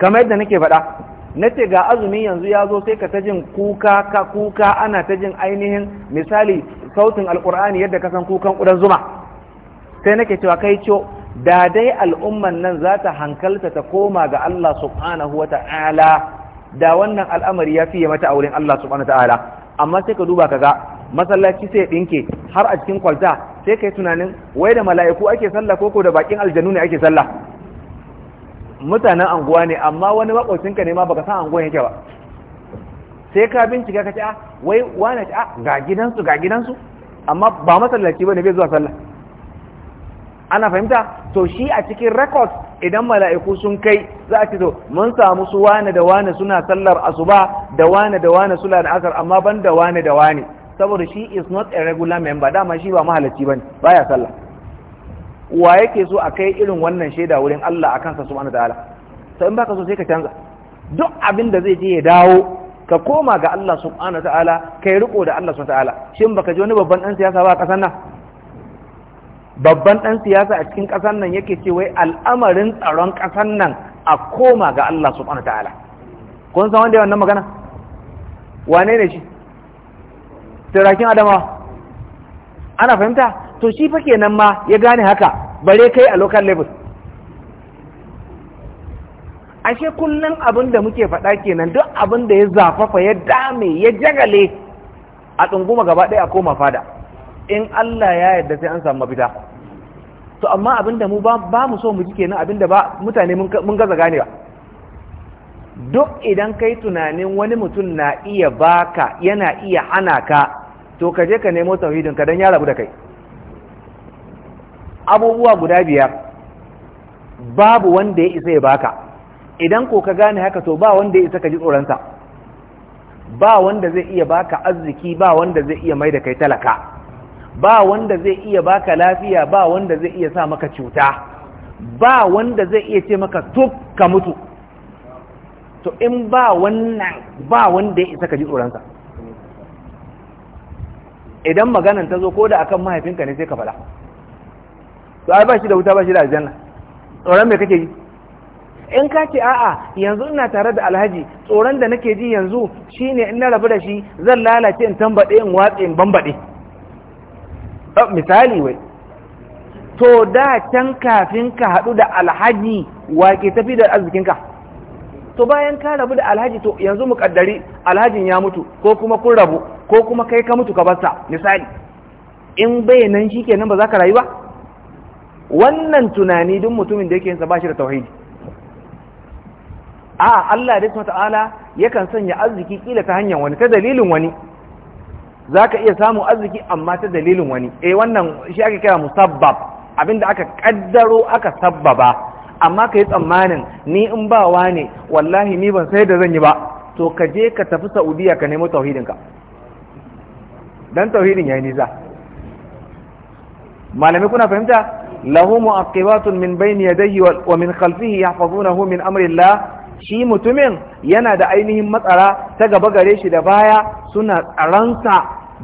S1: kamar yadda nake faɗa na ce ga azumi yanzu ya zo sai ka ta jin kuka ka kuka ana ta jin ainihin misali sautin alkur'ani yadda ka san kukan ƙudan zuma sai nake cewa kai ciwo da dai al'umman nan za ta hankalta ta koma ga Allah subhanahu ta'ala da wannan al'amari ya fiye mata a wurin Allah subhanahu ta'ala amma sai ka duba ka ga masallaci sai dinke har a cikin kwalta sai kai tunanin wai da mala'iku ake sallah ko ko da bakin aljanu ne ake sallah mutanen anguwa ne amma wani ka ne ma baka san anguwan yake ba sai ka bincika ka ce a ah, wai wane ce ga ah, ga gidansu ga gidansu amma ba masallaci bane bai zuwa sallah ana fahimta to shi a cikin records idan mala'iku sun kai za a ce to mun samu su wane da wane suna sallar asuba da wane da wane suna da asar amma ban da wane da wane saboda shi is not a regular member dama shi ba mahalarci Ba baya sallah wa yake so a kai irin wannan shaida wurin Allah a kansa subhanahu ta'ala to in baka so sai ka canza duk abin da zai je ya dawo ka koma ga Allah subhanahu ta'ala kai riko da Allah subhanahu ta'ala shin baka ji wani babban dan siyasa ba a kasan nan babban dan siyasa a cikin kasan nan yake ce wai al'amarin tsaron kasan nan a koma ga Allah subhanahu ta'ala kun san wanda ya wannan magana wane ne shi sirakin Adama ana fahimta to shi fa kenan ma ya gane haka bare kai a local level ashe kullum abin da muke faɗa kenan duk abin da ya zafafa ya dame ya jagale a tsunguma gaba ɗaya a koma fada in Allah ya yarda sai an samu mafita to amma abin da mu ba mu so mu ji kenan abin da ba mutane mun gaza ganewa duk idan kai tunanin wani mutum na iya baka yana iya hana ka to ka je ka nemo tauhidin ka dan ya rabu da kai abubuwa guda biyar babu wanda ya isa ya baka idan ko ka gane haka to ba wanda ya isa ka ji tsoronsa ba wanda zai iya baka arziki ba wanda zai iya mai da kai talaka ba wanda zai iya baka lafiya ba wanda zai iya sa maka cuta ba wanda zai iya ce maka tuk ka mutu to in ba wannan ba wanda ya isa ka ji tsoronsa idan maganan ta zo ko da akan mahaifinka ne sai ka fada to ai ba shi da wuta ba shi da aljanna tsoron me kake yi in ka ce a'a yanzu ina tare da alhaji tsoron da nake ji yanzu shine in na rabu da shi zan lalace in tambade, in watse in bambade. misali wai to da can kafin ka haɗu da alhaji wake tafi da arzikinka to bayan ka rabu da alhaji to yanzu mu kaddari alhajin ya mutu ko kuma kun rabu ko kuma kai ka mutu ka barsa misali in bai nan kenan ba za ka rayu ba wannan tunani duk mutumin da yake yin sa ba shi da tauhidi a Allah da ta'ala yakan sanya arziki kila ta hanyar wani ta dalilin wani za ka iya samun arziki amma ta dalilin wani eh wannan shi ake kira musabbab abinda aka kaddaro aka sabbaba amma ka yi tsammanin ni in ba wa ne wallahi ni ban sai da zan yi ba to ka je ka tafi saudiya ka nemo ka dan tauhidin ya yi nisa malami kuna fahimta lahu mu'aqibatun min bayni yadayhi wa min khalfihi yahfazunahu min amri Allah shi mutumin yana da ainihin matsara ta gaba gare shi da baya suna tsaransa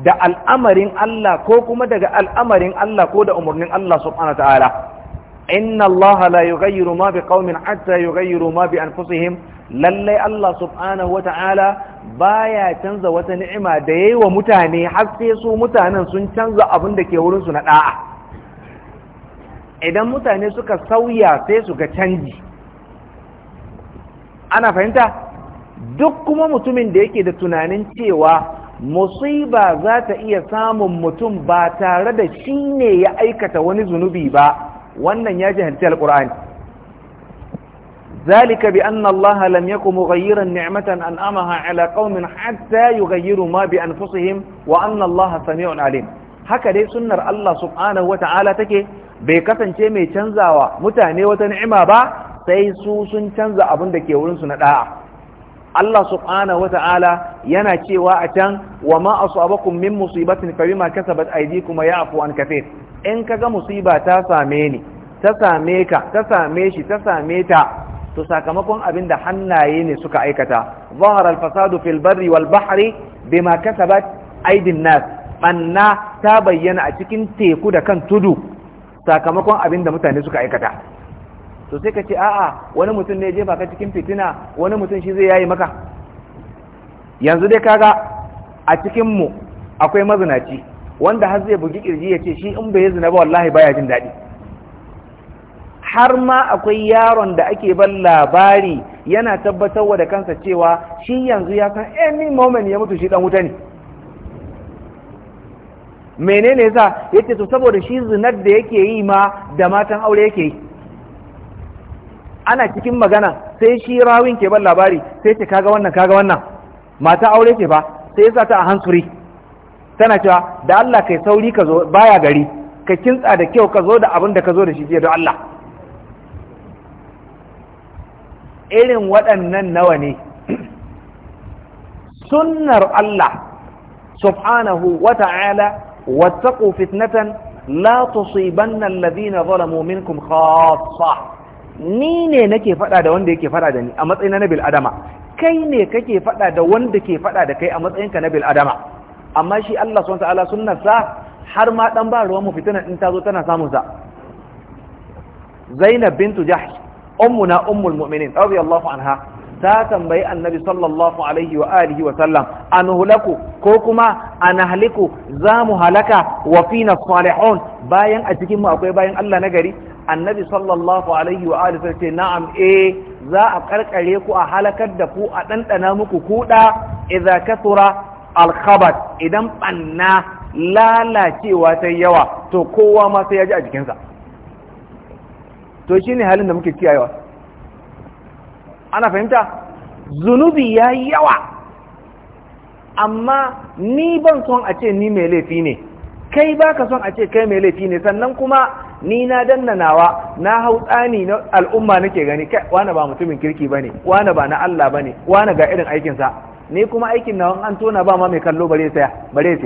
S1: da al'amarin Allah ko kuma daga al'amarin Allah ko da umarnin Allah subhanahu ta'ala inna Allah la yughayyiru ma biqaumin hatta yughayyiru ma bi lallai Allah subhanahu Ta'ala baya canza wata ni'ima da yayi wa mutane har sai su mutanen sun canza abin da ke wurinsu na ɗa'a? idan mutane suka sauya sai su ga canji ana fahimta duk kuma mutumin da yake da tunanin cewa musiba za ta iya samun mutum ba tare da shi ne ya aikata wani zunubi ba wannan ya jahilci alqur'ani zalika bi anna Allah lam yakum mughayyiran ni'matan an'amaha ala qaumin hatta yughayyiru ma bi anfusihim wa anna Allah sami'un haka dai sunnar Allah subhanahu wa ta'ala take bai kasance mai canza wa mutane wata ni'ima ba sai su sun canza abin da ke wurin su na da'a Allah subhana wa ta'ala yana cewa a can wa ma ba min musibatin fa bima kasabat aydikum ya'fu an kathir in ga musiba ta same ni ta same ka ta same shi ta same ta to sakamakon abin da hannaye ne suka aikata zahara al-fasadu fil barri wal bahri bima kasabat aydin nas banna ta bayyana a cikin teku da kan tudu sakamakon abin da mutane suka aikata to sai ka ce a'a wani mutum ne jefa ka cikin fitina wani mutum shi zai yayi maka yanzu dai kaga a cikin mu akwai mazinaci wanda har zai bugi kirji ya ce shi in bai zina ba wallahi baya jin daɗi har ma akwai yaron da ake ban labari yana tabbatar wa da kansa cewa shi yanzu ya san any moment ya mutu shi dan wuta ne menene yasa ce to saboda shi zinar da yake yi ma da matan aure yake yi ana cikin magana sai shi rawin ke ban labari sai ce kaga wannan kaga wannan mata aure ce ba sai ya sa ta a hansuri tana cewa da Allah kai sauri ka zo baya gari ka kintsa da kyau ka zo da abin da ka zo da shi da Allah irin waɗannan nawa ne sunnar Allah subhanahu wa ta'ala wattaqu fitnatan la tusibanna alladhina zalamu minkum khassa ni ne nake faɗa da wanda yake faɗa da ni a matsayin na bil adama kai ne kake faɗa da wanda ke faɗa da kai a matsayinka na bil adama amma shi Allah subhanahu ta'ala sunnar har ma ɗan ba ruwan mu fitina in ta zo tana samun sa Zainab bintu Jahsh ummuna ummul mu'minin radiyallahu anha ta tambayi annabi sallallahu alaihi wa alihi wa sallam an hulaku ko kuma an haliku za mu halaka wa fina salihun bayan a cikin mu akwai bayan Allah na gari annabi sallallahu alaihi wa alihi sai ce na'am eh za a karkare ku a halakar da ku a dandana muku kuda idza kathura alkhabar idan banna lalacewa ta yawa to kowa ma sai ya ji a jikinsa to shine halin da muke kiyayewa ana fahimta zunubi ya yawa amma ni ban son a ce ni mai laifi ne kai baka son a ce kai mai laifi ne sannan kuma ni na danna nawa na hau tsani na al'umma nake gani kai wani ba mutumin kirki bane wani ba na Allah bane wani ga irin aikinsa Ni kuma aikin na an tona ba ma mai kallo bare saya bare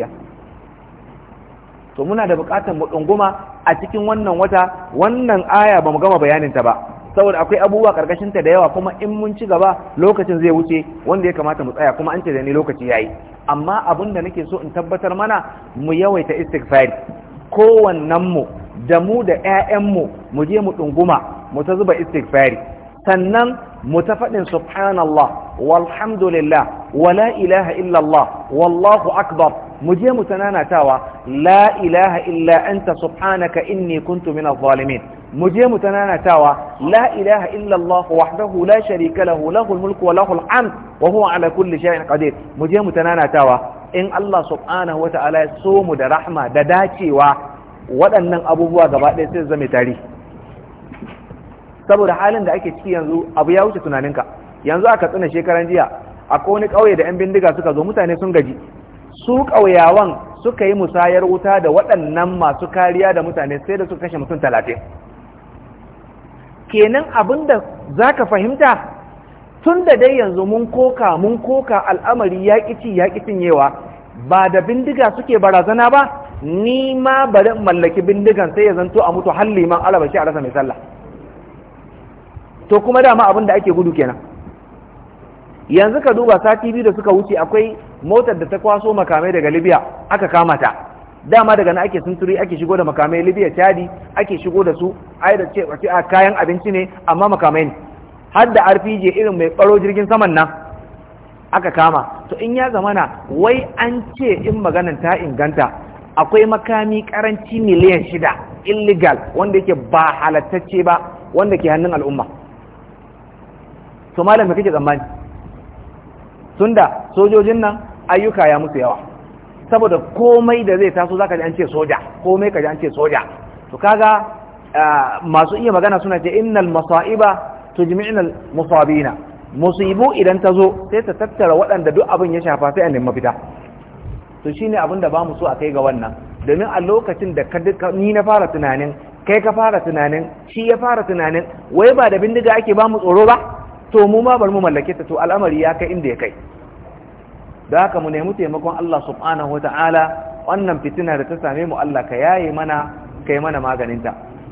S1: to muna da buƙatar mu dunguma a cikin wannan wata wannan aya ba mu gama bayanin ta ba saboda akwai abubuwa karkashin da yawa kuma in mun ci gaba lokacin zai wuce wanda ya kamata mu tsaya kuma an ce da ni lokaci yayi amma abin da nake so in tabbatar mana mu yawaita istighfari kowannen mu da mu da ƴaƴan mu mu je mu dunguma mu ta zuba istighfari sannan mu ta faɗin subhanallah walhamdulillah wala ilaha illallah wallahu akbar mu je mu tananatawa la ilaha illa anta subhanaka inni kuntu min adh-dhalimin mu je mu tananatawa la ilaha illallah wahdahu la sharika lahu lahul mulku wa lahul hamd wa huwa ala kulli shay'in qadir mu je mu tananatawa in Allah subhanahu wa ta'ala ya so mu da rahma da dacewa waɗannan abubuwa gaba ɗaya sai zama tarihi saboda halin da ake ciki yanzu abu ya wuce tunaninka yanzu aka tsina shekaran jiya a wani ƙauye da 'yan bindiga suka zo mutane sun gaji su ƙauyawan suka yi musayar wuta da waɗannan masu kariya da mutane sai da suka kashe mutum talatin kenan abin da za ka fahimta tun da dai yanzu mun koka mun koka al'amari ya ƙici ya yawa, ba da bindiga suke barazana ba ni ma bari mallaki bindigan sai ya zanto a mutu har liman alabashi a rasa mai sallah to kuma dama abin da ake gudu kenan yanzu ka duba sati biyu da suka wuce akwai motar da ta kwaso makamai daga libya aka kama ta dama daga na ake sunturi ake shigo da makamai libya chadi ake shigo da su ai da ce a kayan abinci ne amma makamai ne har da rpg irin mai baro jirgin saman nan aka kama to in ya zamana wai an ce in maganan ta inganta akwai makami karanci miliyan shida illegal wanda yake ba halattacce ba wanda ke hannun al'umma to malam kake tsammani tunda sojojin nan ayyuka ya musu yawa saboda komai da zai taso zaka ji an ce soja komai ka ji an ce soja to kaga masu iya magana suna ce innal masa'iba tujmi'na al musabina musibu idan tazo sai ta tattara waɗanda duk abin ya shafa sai a nemi mafita to shine abin da bamu so a kai ga wannan domin a lokacin da ka ni na fara tunanin kai ka fara tunanin shi ya fara tunanin wai ba da bindiga ake bamu tsoro ba to mu ma bar mu mallake ta to al'amari ya kai inda ya kai da haka mu nemi taimakon Allah subhanahu wataala wannan fitina da ta same mu Allah ka yaye mana kai mana maganinta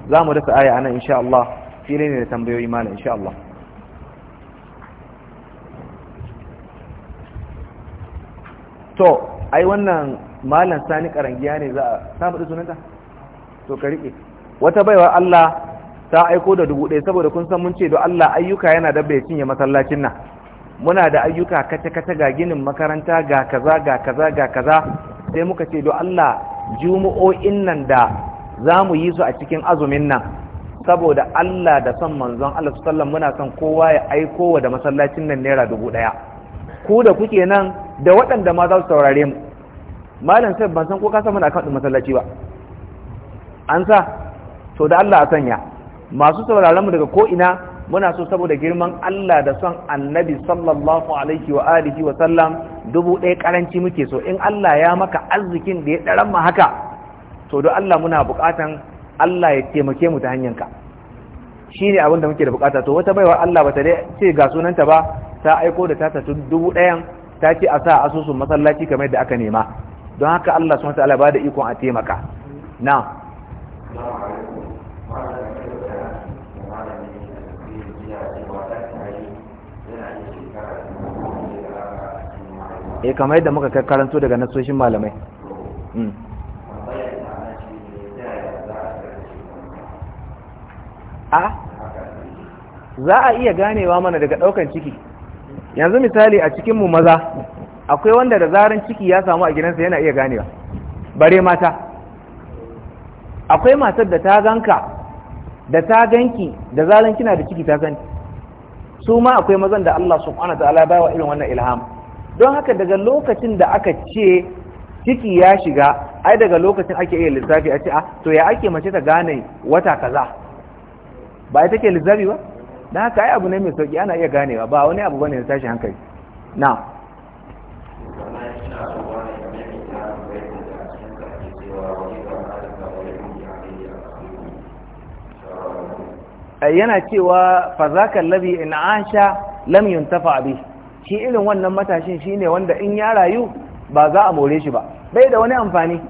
S1: za mu dasa aya anan insha Allah fire ne da tambayoyi mana insha Allah to ai wannan malam sani karangiya ne za a samu da sunanta to ka rike wata baiwar Allah ta aiko da dubu ɗaya saboda kun san mun ce da Allah ayyuka yana da bai cinye masallacin nan muna da ayyuka kace kace ga ginin makaranta ga kaza ga kaza ga kaza sai muka ce da Allah jumu'o'in nan da za mu yi su a cikin azumin nan saboda Allah da son manzon Allah sallallahu muna son kowa ya aiko wa da masallacin nan naira dubu ɗaya ku da kuke nan da waɗanda ma za su saurare mu malam sai ban san ko ka san muna kan masallaci ba an sa to da Allah a sanya masu sauraronmu daga ko ina muna so saboda girman Allah da son annabi sallallahu alaihi wa alihi wa sallam dubu ɗaya karanci muke so in Allah ya maka arzikin da ya ɗaran mu haka to don Allah muna buƙatan Allah ya taimake mu ta hanyanka shi ne abin da muke da buƙata to wata baiwa Allah ba ta dai ce ga sunanta ba ta aiko da ta tatu dubu ɗayan ta ce a sa asusun masallaci kamar da aka nema don haka Allah subhanahu wa ta'ala ba da ikon a taimaka na'am ya eh, kamar yadda muka karanto daga nasoshin malamai hmm. a za a iya ganewa mana daga ɗaukan ciki yanzu misali a cikinmu maza akwai wanda da zaran ciki ya samu a gidansa yana iya ganewa bare mata akwai matar da ta ganka da ta ganki da zaran kina da ciki ta sani su ma akwai mazan da Allah subhanahu wa ta'ala ya bawa irin wannan ilhamu don haka daga lokacin da aka ce ciki ya shiga ai daga lokacin ake iya lissafi a ce a ah, to ya ake mace ta gane wata kaza ba ita ke lissafi ba Don haka ai abu ne mai sauki ana iya ganewa ba wani abu bane ya tashi hankali na yana cewa fa zaka allazi in aisha lam yuntafa bihi shi irin wannan matashin shi ne wanda in ya rayu ba za a more shi ba bai da wani amfani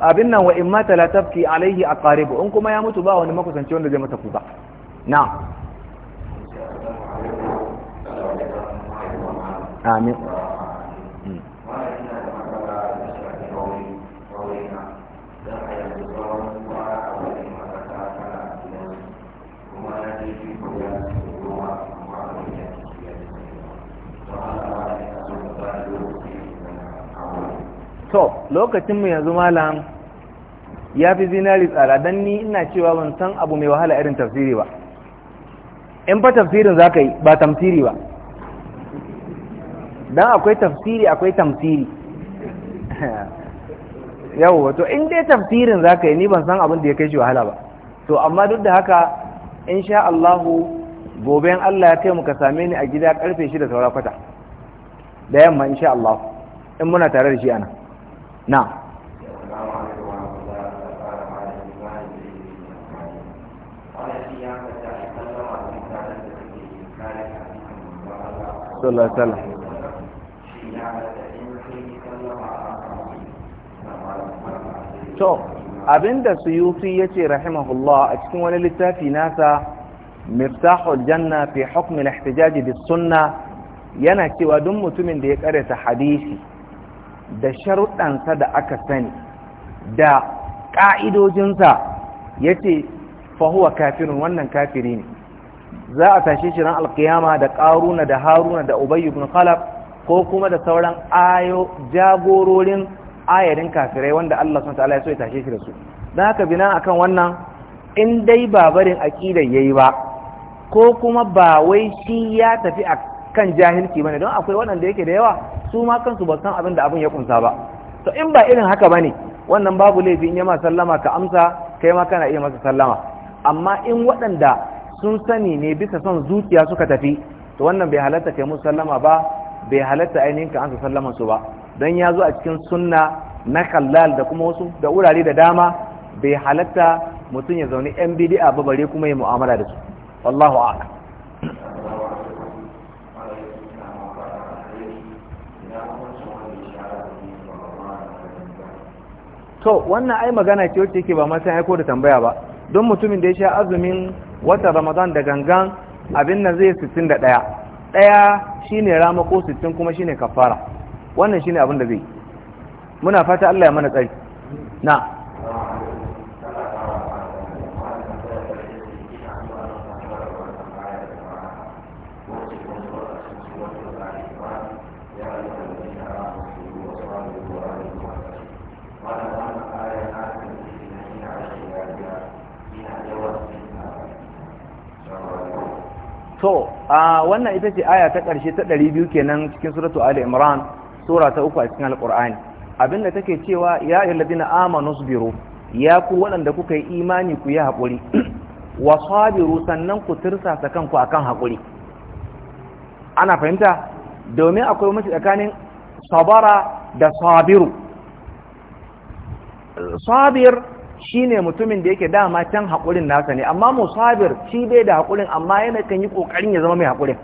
S1: abin nan wa in mata la tafki alaihi aqaribu in kuma ya mutu ba wani makusanci wanda zai mata kuka na amin to lokacinmu yanzu malam ya fi zinari tsara don ni ina cewa ban san abu mai wahala irin tafsiri ba in fa tafsirin za ka yi ba tamsiri ba don akwai tafsiri akwai tamsiri yau wato in dai tafsirin za ka yi ni ban san abin da ya kai shi wahala ba to amma duk da haka in sha Allahu goben Allah ya kai mu ka same ni a gida karfe shida saura kwata da yamma in sha Allahu in muna tare da shi anan نعم صلى الله عليه وسلم to abinda suyuti yace rahimahullah a cikin wani littafi nasa miftahul janna fi hukm al-ihtijaj bis sunnah yana cewa duk mutumin da ya karanta hadisi da sharuɗansa da aka sani da ƙa'idojinsa ya ce fahuwa kafirin wannan kafiri ne za a tashe shi ran alkiyama da ƙaruna da haruna da ubayyu bin khalaf ko kuma da sauran ayo jagororin ayarin kafirai wanda Allah sun ta'ala ya so ya tashe shi da su don haka bina kan wannan in dai ba barin ya yi ba ko kuma ba wai shi ya tafi a kan jahilci bane don akwai waɗanda yake da yawa su ma kansu ba san abin da abin ya kunsa ba to in ba irin haka bane wannan babu laifi in ya ma sallama ka amsa kai ma kana iya masa sallama amma in waɗanda sun sani ne bisa son zuciya suka tafi to wannan bai halatta kai musu sallama ba bai halatta ainihin ka amsa sallaman su ba don ya zo a cikin sunna na kallal da kuma wasu da wurare da dama bai halatta mutum ya zaune yan bidi'a ba bare kuma ya mu'amala da su wallahu a'lam so wannan ai magana ce wacce yake ba ma sai aiko da tambaya ba don mutumin da ya sha azumin wata ramadan da gangan abin nan zai sittin ɗaya daya shine ramako sittin kuma shine kafara wannan shine abin da zai muna fata Allah ya mana tsari na wannan ita ce aya ta ƙarshe ta ɗari biyu kenan cikin suratu ali imran sura ta uku a cikin alƙur'ani abinda take cewa ya ayyuhalladhina amanu sabiru ya ku waɗanda kuka yi imani ku yi haƙuri wa sabiru sannan ku tirsasa kanku akan haƙuri ana fahimta domin akwai mace tsakanin sabara da sabiru sabir Shi ne mutumin da yake dama can haƙurin nasa ne amma musabir shi bai da haƙurin amma yana kan yi ƙoƙarin ya zama mai haƙurin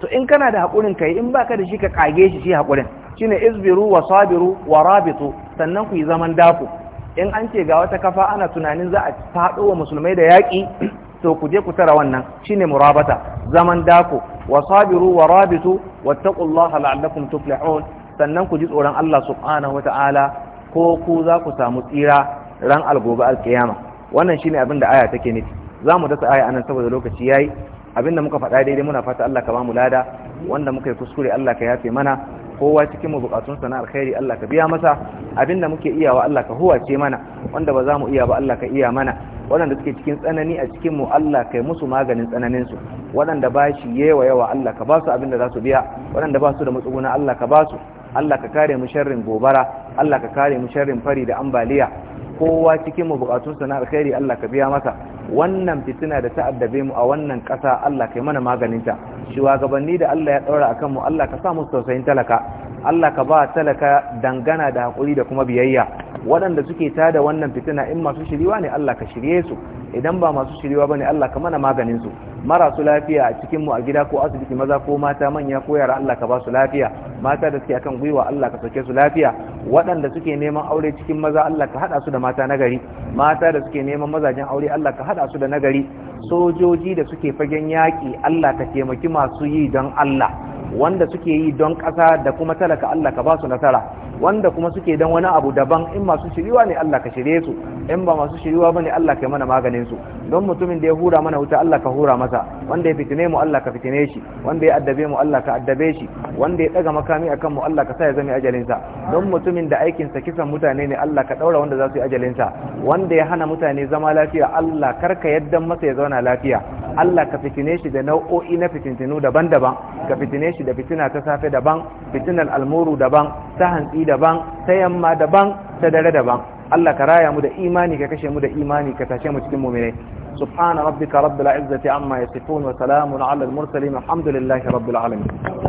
S1: to in kana da haƙurin kai in baka da shi ka kage shi shi haƙurin ne isbiru wa sabiru wa rabitu sannan ku yi zaman dafu in an ce ga wata kafa ana tunanin za a faɗo wa musulmai da yaƙi to ku je ku tara wannan Shi ne murabata zaman dafu wa sabiru wa rabitu taqullaha la'allakum tuflihun sannan ku ji tsoron Allah subhanahu wata'ala ko ku za ku samu tsira ran algobe alkiyama wannan shine abin da aya take nufi za mu dasa aya anan saboda lokaci yayi abinda muka faɗa daidai muna fata Allah ka ba mu lada wanda muka yi kuskure Allah ka yafe mana kowa cikin mu bukatun sana alkhairi Allah ka biya masa abinda muke iyawa Allah ka huwace mana wanda ba za mu iya ba Allah ka iya mana waɗanda suke cikin tsanani a cikin mu Allah kai musu maganin tsananin su waɗanda ba shi yawa yawa Allah ka ba su abinda za su biya waɗanda ba su da matsuguna Allah ka ba su Allah ka kare mu sharrin gobara Allah ka kare mu sharrin fari da ambaliya kowa cikin mu bukatunsa na alkhairi Allah ka biya masa wannan fitina da ta addabe mu a wannan ƙasa Allah kai mana maganinta shugabanni da Allah ya ɗaura akan mu Allah ka sa musu tausayin talaka Allah ka ba talaka dangana da hakuri da kuma biyayya waɗanda suke tada wannan fitina in masu shiriwa ne Allah ka shirye su idan ba masu shiriwa bane Allah ka mana maganin su marasu lafiya a cikin mu a gida ko asibiti maza ko mata manya ko yara Allah ka ba su lafiya mata da suke akan gwiwa Allah ka sauke su lafiya waɗanda suke neman aure cikin maza Allah ka haɗa su da mata na gari mata da suke neman mazajen aure Allah ka hada su da nagari sojoji da suke fagen yaƙi Allah ka taimaki masu yi don Allah wanda suke yi don ƙasa da kuma talaka Allah ka ba su nasara wanda kuma suke don wani abu daban in masu shiriwa ne Allah ka shirye su in ba masu shiriwa bane Allah ka yi mana maganin su don mutumin da ya hura mana wuta Allah ka hura masa wanda ya fitine mu Allah ka fitine shi wanda ya addabe mu Allah ka addabe shi wanda ya daga makami akan mu Allah ka sa ya zame ajalin sa don mutumin da aikin sa kisan mutane ne Allah ka daura wanda za su yi ajalin sa wanda ya hana mutane zama lafiya Allah karka yaddan masa ya zauna lafiya Allah ka fitine shi da nau'o'i na fitintinu daban-daban ka fitine shi da fitina ta safe daban fitinar almuru daban ta hantsi daban ta yamma daban ta dare daban Allah ka raya mu da imani ka kashe mu da imani ka tashe mu cikin mu'minai subhana rabbika rabbil izzati amma yasifun wa salamun ala al mursalin alhamdulillahi rabbil alamin